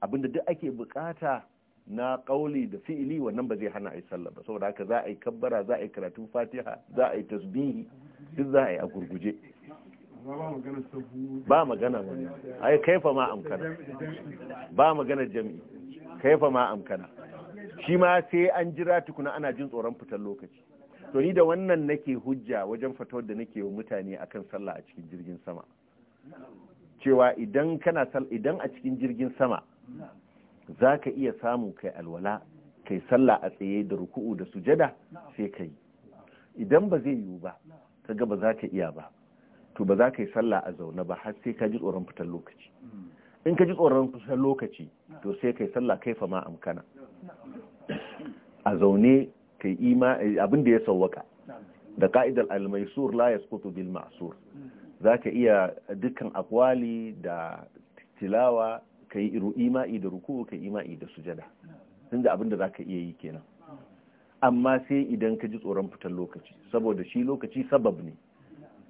S1: abinda duk ake bukata na ƙauli da fi'ili wannan ba zai hana a yi sallah ba saboda haka za a yi kabbara za a yi karatun fatiha za a yi tasbihi duk za a yi a gurguje ba magana wani ai kaifa ma amkana ba magana jami'i kaifa ma amkana shi ma sai an jira tukuna ana jin tsoron fitar lokaci to ni da wannan nake hujja wajen fatawar da nake wa mutane akan sallah a cikin jirgin sama cewa idan kana sal idan a cikin jirgin sama za ka iya samu kai alwala kai sallah a tsaye da ruku'u da sujada sai ka yi idan ba zai yiwu ba ka ga ba za ka iya ba to ba za ka yi sallah a zaune ba har sai ka ji tsoron fitar lokaci in ka ji tsoron fitar lokaci to sai ka yi sallah fa ma amkana a zaune kai ima abin da ya sawwaka da ka'idar al-maisur la yasqutu bil ma'sur zaka iya dukkan akwali da tilawa ka yi ima'i da ruku ka yi ima'i da sujada da abin da za ka iya yi kenan amma sai idan ka ji tsoron fitar lokaci saboda shi lokaci sabab ne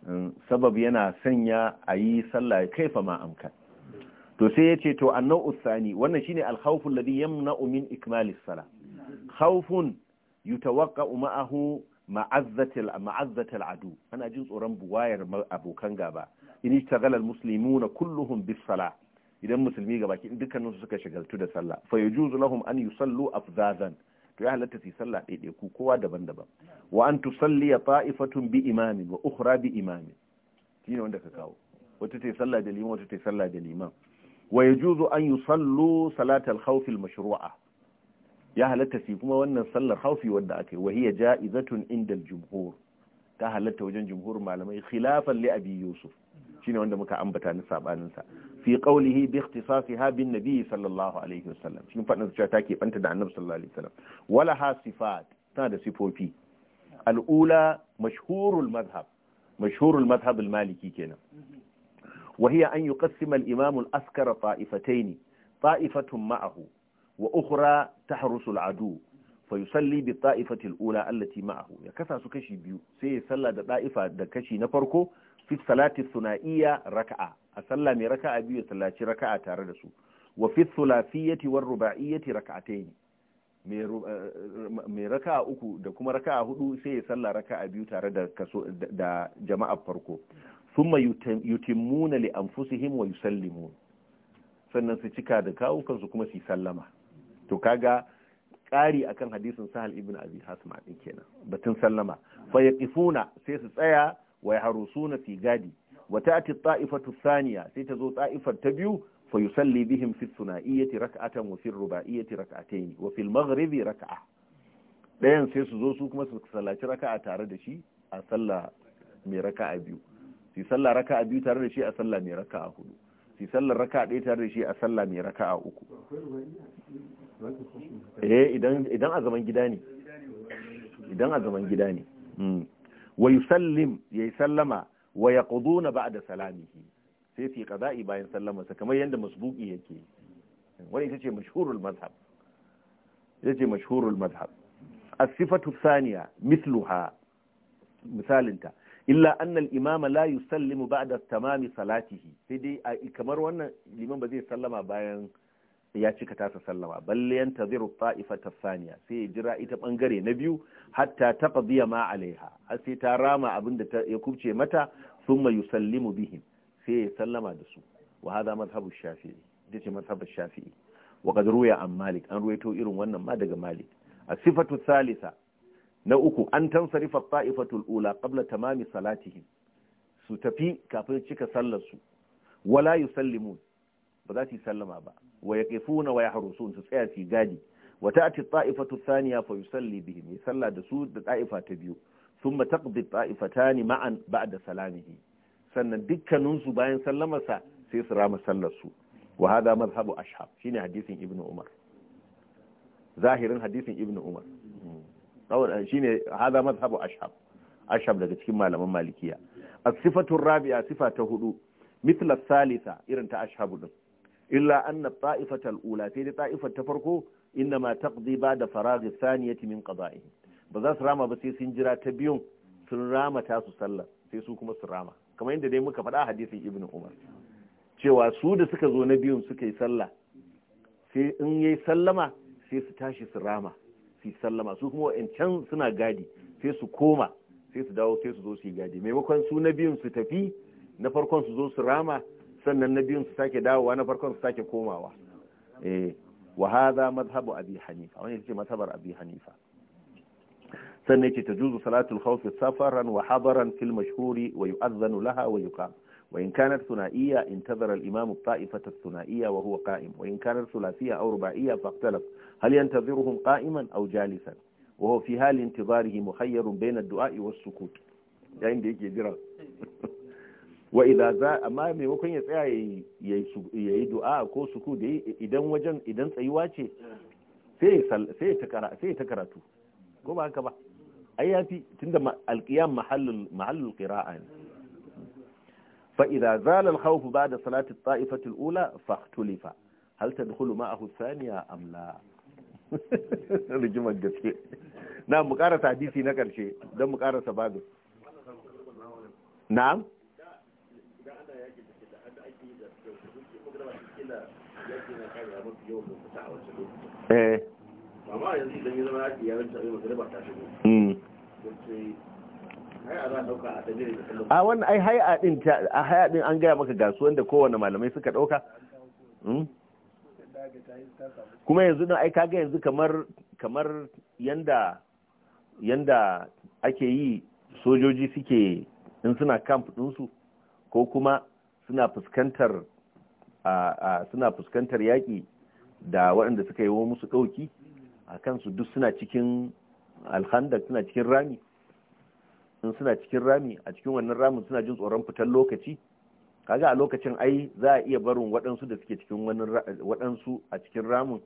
S1: mm, sabab yana sanya a yi sallah kaifa ma amka to sai ya ce to annan usani wannan shine alhaufun Ladi yamna'u umin ikmalis sala khawfun yutawaqqa'u ma'ahu ma'azzatil ma'azzatil adu ana jin tsoron buwayar abokan gaba in ishtaghala almuslimuna kulluhum bis salah idan musulmi ga baki dukkanin su suka shagaltu da sallah fa yajuzu lahum an yusallu afzazan to ya halatta su sallah daidai ku kowa daban-daban wa an tusalli ta'ifatun bi imamin wa ukhra bi imamin shine wanda ka kawo wata ta sallah da liman wata ta sallah da liman wa yajuzu an yusallu salatal khawf al mashru'a ya halatta su kuma wannan sallar khawfi wanda ake wa hiya ja'izatun inda al jumhur ta halatta wajen jumhur malamai khilafan li abi yusuf shine wanda muka ambata ni sabanin sa في قوله باختصاصها بالنبي صلى الله عليه وسلم شنو فدنا cewa take banta da annabi sallallahu alaihi wasallam wala ha sifat tana da sifofi al مشهور المذهب madhhab mashhurul وهي أن يقسم الإمام الأسكر طائفتين طائفة معه وأخرى تحرس العدو فيصلي بالطائفة الأولى التي معه سو كشي بيو سيصلى دائفة دكشي نفركو في الصلاة الثنائية ركعة a sallah mai raka'a biyu ya sallaci raka'a tare da su wa fi thulathiyati war rubaiyati rak'atayn eh, mai raka'a uku da kuma raka'a hudu sai ya sallah raka'a biyu tare da kaso da jama'ar farko thumma yutimmuna li anfusihim wa yusallimun sannan su cika da kawo kuma su sallama to kaga ƙari akan hadisin sahal ibn abi hasma din kenan batun sallama fa yaqifuna sai su tsaya wa yahrusuna fi gadi wa ta'ati ta'ifatu thaniya sai ta zo ta'ifar ta biyu fa yusalli bihim fi thunaiyati rak'atan wa fi rubaiyati rak'atayn wa fi al-maghribi rak'a dayan sai su zo su kuma su sallaci raka'a tare da shi a sallah mai raka'a biyu su sallah raka'a biyu tare da shi a sallah mai raka'a hudu su sallar raka'a ɗaya tare da shi a sallah mai raka'a uku eh idan idan a zaman gida ne idan a zaman gida ne hmm. wa yusallim yayi sallama wa yaquduna ba'da salamihi sai su yi qada'i bayan sallamarsa kamar yadda masbuki yake wani ita ce mashhurul mazhab ita ce mashhurul mazhab as-sifatu thaniya misalinta illa annal imama la yusallimu ba'da tamami salatihi sai dai kamar wannan liman ba zai sallama bayan ya cika tasa sallama balle yan taziru ta'ifata saniya sai ya jira ita bangare na biyu hatta taqdiya ma alaiha har sai ta rama abin da ya kubce mata thumma yusallimu bihim sai ya sallama da su wa hadha madhhabu shafi'i ita ce madhhabu shafi'i wa qad ruya an malik an ruwaito irin wannan ma daga malik a sifatu salisa na uku an tansarifa ta'ifatul ula qabla tamami salatihim su tafi kafin cika sallar su wala yusallimu ba za su yi sallama ba wa yaqifuna waya yahrusun su tsaya su gadi wa ta'ti ta'ifatu thaniya fa yusalli bihim ya salla da su da ta'ifa ta biyu Sun thumma taqdi ta'ifatani ma'an da salamihi sannan dukkaninsu su bayan sallamarsa sai su rama sallar su wa hada madhhabu ashab shine hadisin ibnu umar zahirin hadisin ibnu umar shine hada madhhabu ashab ashab daga cikin malaman malikiya as-sifatu rabi'a sifa ta hudu mithla salisa irin ta ashabu din illa anna ta'ifatal ula sai dai ta'ifar ta farko inda ma taqdi ba da faragi saniyati min qada'i ba za su rama ba sai sun jira ta biyun sun rama ta su sallah sai su kuma su rama kamar yadda dai muka faɗa hadisin ibnu umar cewa su da suka zo na biyun suka yi sallah sai in yayi sallama sai su tashi su rama su sallama su kuma wa'ancan suna gadi sai su koma sai su dawo sai su zo su yi gadi maimakon su na biyun su tafi na farkon su zo su rama sannan na biyun su sake dawowa na farkon su sake komawa eh, wa hadha madhhabu abi hanifa wani yace madhabar abi hanifa sannan yace tajuzu salatul khawf safaran wa hadaran fil mashhuri wa yu'adhdhanu laha wa yuqam wa in kanat thunaiya intadhara al imam ta'ifata thunaiya wa huwa qa'im wa in kanat thulathiya aw rubaiya faqtalab hal yantadhiruhum qa'iman aw jalisan wa huwa fi hal intidharihi mukhayyarun bayna ad-du'a wa as-sukut yayin da yake jira wa idza za amma maimakon ya tsaya yayi du'a ko suku da idan wajen idan tsayuwa ce sai sai ta kara sai ta karatu ko ba haka ba ai yafi tunda alqiyam mahallul mahallul qira'a ne fa idza zala al-khawf ba'da salati at-ta'ifati al-ula fahtulifa hal tadkhulu ma'ahu thaniya am la rijimar gaske na mu karasa hadisi na karshe don mu karasa babu na'am a wannan ai haya din haya din an gaya maka gasu wanda kowane malamai suka dauka hmm. kuma yanzu din ai kaga yanzu kamar kamar yanda yanda ake yi sojoji suke in suna camp ɗinsu ko kuma suna fuskantar suna fuskantar yaƙi da waɗanda suka yi wa musu ɗauki a kansu duk suna cikin alhandar suna cikin rami in suna cikin rami a cikin wannan ramin suna jin tsoron fitan lokaci kaga a lokacin ai za a iya barin waɗansu da suke cikin waɗansu a cikin ramin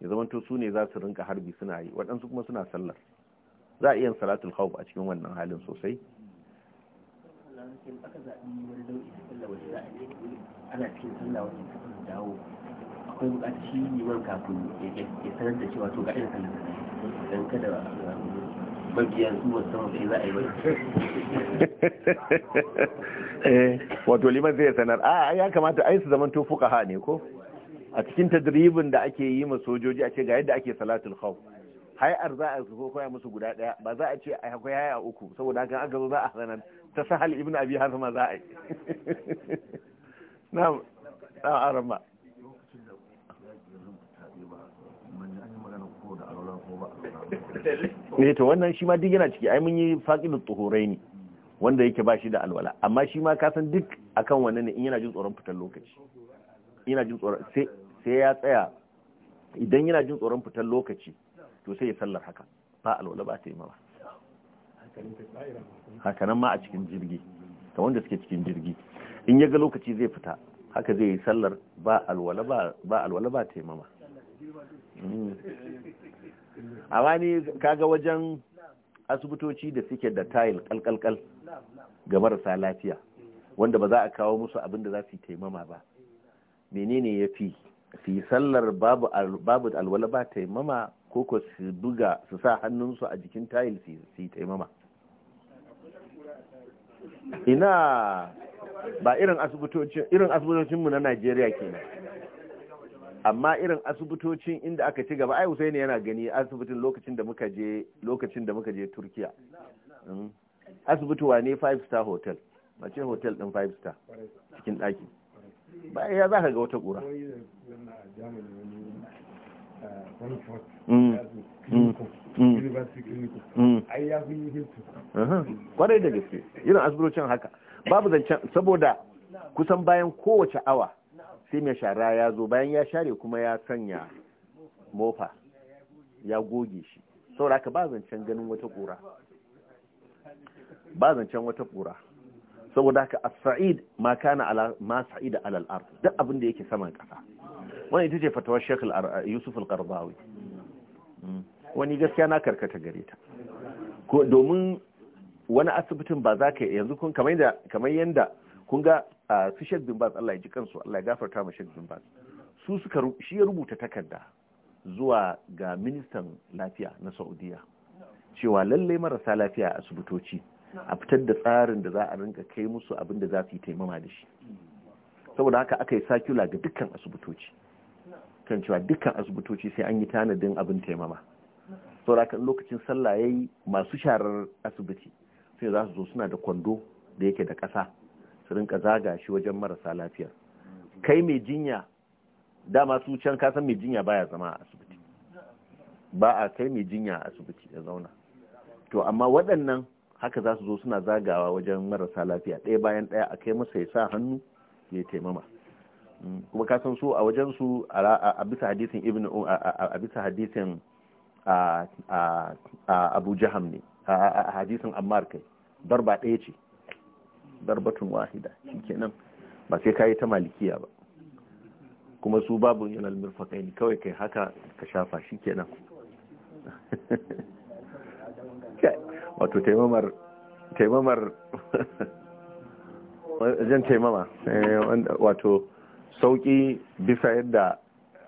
S1: ya zamanto su ne za su rinka harbi suna yi waɗansu kuma suna sallar za a iya salatul khawf a cikin wannan halin sosai
S3: ana cikin sallah wani kafin dawo akwai bukaci shi man kafin ya sanar da cewa to ga irin sallah dan kada mabiyan su wasu sama sai za a yi wani
S1: eh, wato liman zai sanar a ya kamata a yi su zaman to fuqaha ne ko a cikin tadribin da ake yi ma sojoji a ce ga yadda ake salatul khawf hayar za a su koya musu guda daya ba za a ce a akwai haya uku saboda haka aka zo za a sanar ta sahal ibn abi hazma
S3: za a yi na arama ne eh,
S1: to wannan shi ma duk yana ciki ai mun yi faqidu tuhurai ne wanda yake ba shi da alwala amma shi ma ka san duk akan wannan ne in yana jin tsoron fitar lokaci yana jin tsoron sai sai ya tsaya idan yana jin tsoron fitar lokaci to sai ya sallar haka ba alwala ba ta yi mawa. hakanan ma a cikin jirgi ta wanda suke cikin jirgi in ya ga lokaci zai fita haka zai yi sallar ba alwala ba taimama hmm. a wani kaga wajen asibitoci da suke da tayil kalkalkal ga marasa lafiya wanda ba za a kawo musu abin da za su yi taimama ba menene ya fi su sallar babu alwala ba taimama ko ko su buga su sa hannunsu a jikin tayil su yi taimama
S4: ina ba irin
S1: asibitocin irin asibitocin mu na Najeriya kenan amma irin asibitocin inda aka ci gaba ai Usaini yana gani asibitin lokacin da muka je lokacin da muka je Turkiya hmm. asibiti wane five star hotel mace hotel din five star cikin ɗaki
S3: ba ya za ka ga wata ƙura eh, hmm. hmm.
S1: kwarai da gaske irin asibitocin haka babu zancen saboda kusan bayan kowace awa sai mai shara ya zo bayan ya share kuma ya sanya mofa ya goge shi saboda haka ba zancen ganin wata kura ba zancen wata kura saboda haka as-sa'id ma kana ala ma sa'ida ala al duk abin da yake saman kasa wani ita ce fatawar Sheikh Yusuf al-Qardawi hmm. wani gaskiya na karkata gare ta ko domin wani asibitin ba za ka yanzu kun kamar yadda kun ga su shek bin Allah ya ji kansu Allah ya gafarta ma shek bin su suka shi ya rubuta takarda zuwa ga ministan lafiya na Saudiya cewa lallai marasa lafiya a asibitoci a fitar da tsarin da za a rinka kai musu abin da za su yi taimama da shi saboda haka aka yi sakula ga dukkan asibitoci kan cewa dukkan asibitoci sai an yi tanadin abin taimama saboda haka lokacin sallah yayi masu sharar asibiti sai za su zo suna da kwando da yake da ƙasa su rinka zaga shi wajen marasa lafiyar kai mai jinya dama su can kasan mai jinya baya zama a asibiti ba a kai mai jinya a asibiti ya zauna to amma waɗannan haka za su zo suna zagawa wajen marasa lafiya ɗaya bayan ɗaya a kai masa ya sa hannu ya taimama mm, kuma ka san su a wajen su a bisa hadisin ibn a bisa abu jaham ne a hadisin ammar kai darba ɗaya ce darbatun wahida shikenan ba sai kayi ta malikiya ba kuma su babu ilal mirfaqaini kawai kai haka ka shafa shikenan wato taimamar taimamar jan taimama eh, wato sauki bisa yadda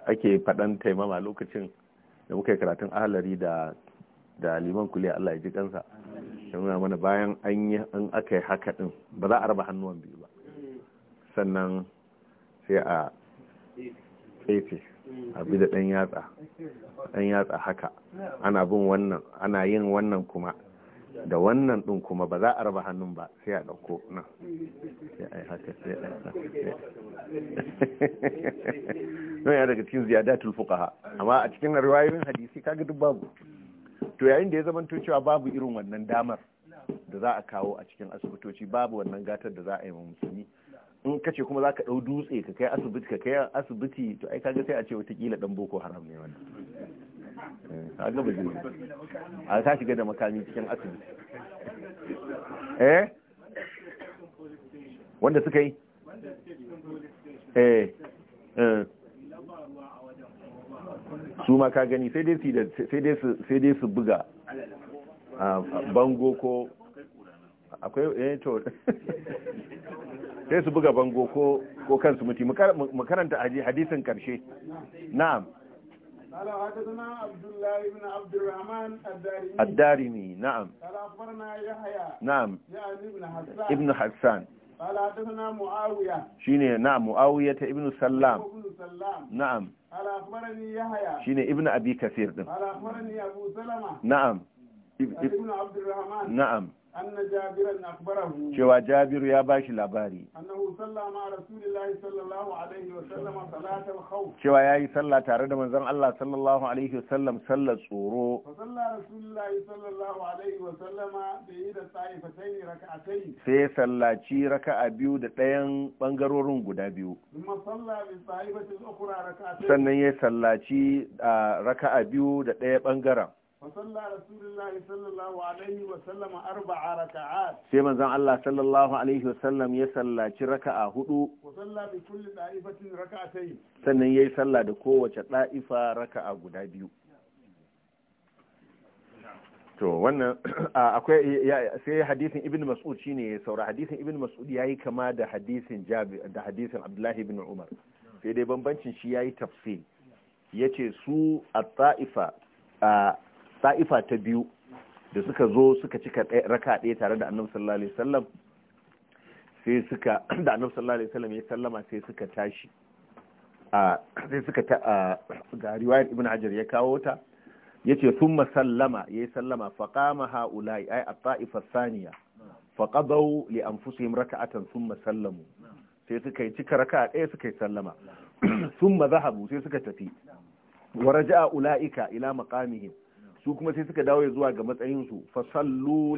S1: ake faɗan taimama lokacin da muka yi karatun ahalari da da liman kuliya Allah ya ji kansa ya nuna mana bayan an yi an aka yi haka din ba za a raba hannuwan biyu ba sannan sai a tsefe bi da ɗan yatsa ɗan yatsa haka ana bin wannan ana yin wannan kuma da wannan ɗin kuma ba za a raba hannun ba sai a ɗauko nan sai a yi haka sai a yi haka daga cikin ziyadatul fuqaha amma a cikin riwayoyin hadisi kaga duk babu to yayin da ya zama cewa babu irin wannan damar da za a kawo a cikin asibitoci babu wannan gatar da za a yi wa musulmi in ka ce kuma za ka ɗau dutse ka kai asibiti ka kai asibiti to ai kaga sai a ce watakila ɗan boko haram ne
S4: wannan eh, a gaba jini a ta shiga da makami cikin asibiti eh wanda suka yi eh, eh. su ma
S1: ka gani sai dai su buga bango ko akwai eh to sai su buga bango ko kansu mutu mu karanta hadisin karshe na'am
S2: قال حدثنا عبد الله بن عبد الرحمن الدارمي
S1: الدارمي نعم
S2: قال اخبرنا قال حدثنا معاوية
S1: شيني نعم معاوية ابن سلام ابن سلام نعم
S2: قال أخبرني يحيى
S1: شيني ابن أبي كثير قال
S2: أخبرني أبو سلمة
S1: نعم ابن
S2: عبد الرحمن نعم anna jabiran akbarahu cewa
S1: jabiru ya bashi labari
S2: annahu sallama rasulillahi sallallahu alaihi wa sallam salatal khawf cewa
S1: yayi sallah tare da manzon Allah sallallahu alaihi wa sallam sallar tsoro fa
S2: salla rasulillahi sallallahu alaihi wa sallama bi da ta'ifatayn rak'atayn sai
S1: sallaci raka'a biyu da ɗayan bangarorin guda biyu
S2: kuma salla bi ta'ifatil ukhra rak'atayn sannan
S1: ya sallaci raka'a biyu da ɗaya bangaren
S2: فصلى رسول الله صلى الله عليه وسلم أربع ركعات
S1: سيما زان الله صلى الله عليه وسلم يسلى ركعة هدو
S2: وصلى بكل طائفة ركعتين
S1: سنن يسلى طائفة ركعة to wannan akwai sai hadisin ibn mas'ud shine ya saura hadisin ibn mas'ud yayi kama da hadisin da hadisin abdullahi ibn umar sai dai bambancin shi yayi tafsir yace su a taifa sa'ifa ta biyu da suka zo suka cika raka ɗaya tare da annabi sallallahu alaihi wasallam sai suka da annabi sallallahu alaihi wasallam ya sallama sai suka tashi a sai suka ta ga riwayar ibnu hajar ya kawo ta yace thumma sallama yayi sallama faqama haula'i ay at-ta'ifa thaniya faqadaw li anfusihim raka'atan thumma sallamu sai suka yi cika raka ɗaya suka yi sallama thumma zahabu sai suka tafi wa raja'a ula'ika ila maqamihim su kuma sai suka dawo zuwa ga matsayinsu fasallau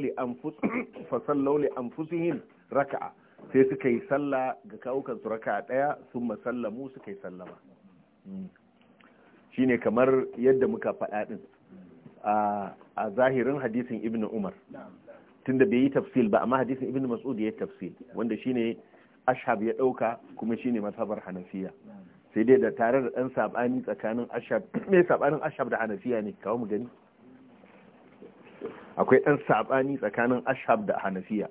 S1: li anfusihim raka'a sai suka yi sallah ga kawukansu raka'a daya sun masallamu suka yi sallama hmm. shine kamar yadda muka faɗa din a zahirin hadisin ibnu umar tunda bai yi tafsil ba amma hadisin ibnu mas'ud ya tafsil wanda shine ashab ya dauka kuma shine mazhabar hanafiya sai dai da tare da dan sabani tsakanin ashab me sabanin ashab da hanafiya ne kawo mu gani akwai ɗan saɓani tsakanin ashab da hanafiya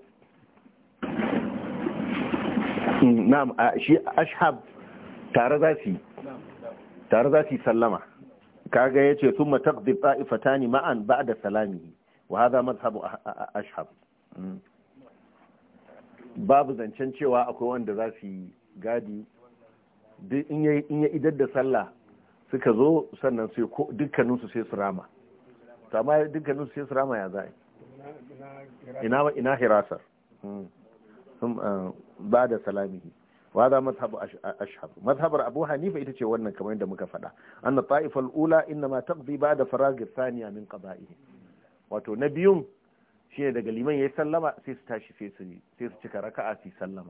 S1: na'am shi ashab tare za su tare za su sallama kaga ya ce sun mataqdi ta'ifatani ma'an da salami. wa hadha madhhabu ashab hmm. babu zancen cewa akwai wanda za su yi gadi in ya idar da sallah suka zo sannan sai dukkaninsu sai su rama to amma dukkanin nusu sai su rama ya
S4: za'a ina ina
S1: hirasar hmm. eh, ba da salamihi wa za mazhabu ashhab mazhabar abu hanifa ita ce wannan kamar yadda muka faɗa anna ta'ifal ula inna ma taqdi ba da faragi thaniya min qada'ihi wato na biyun shine daga liman yi sallama sai su tashi sai su cika raka'a su sallama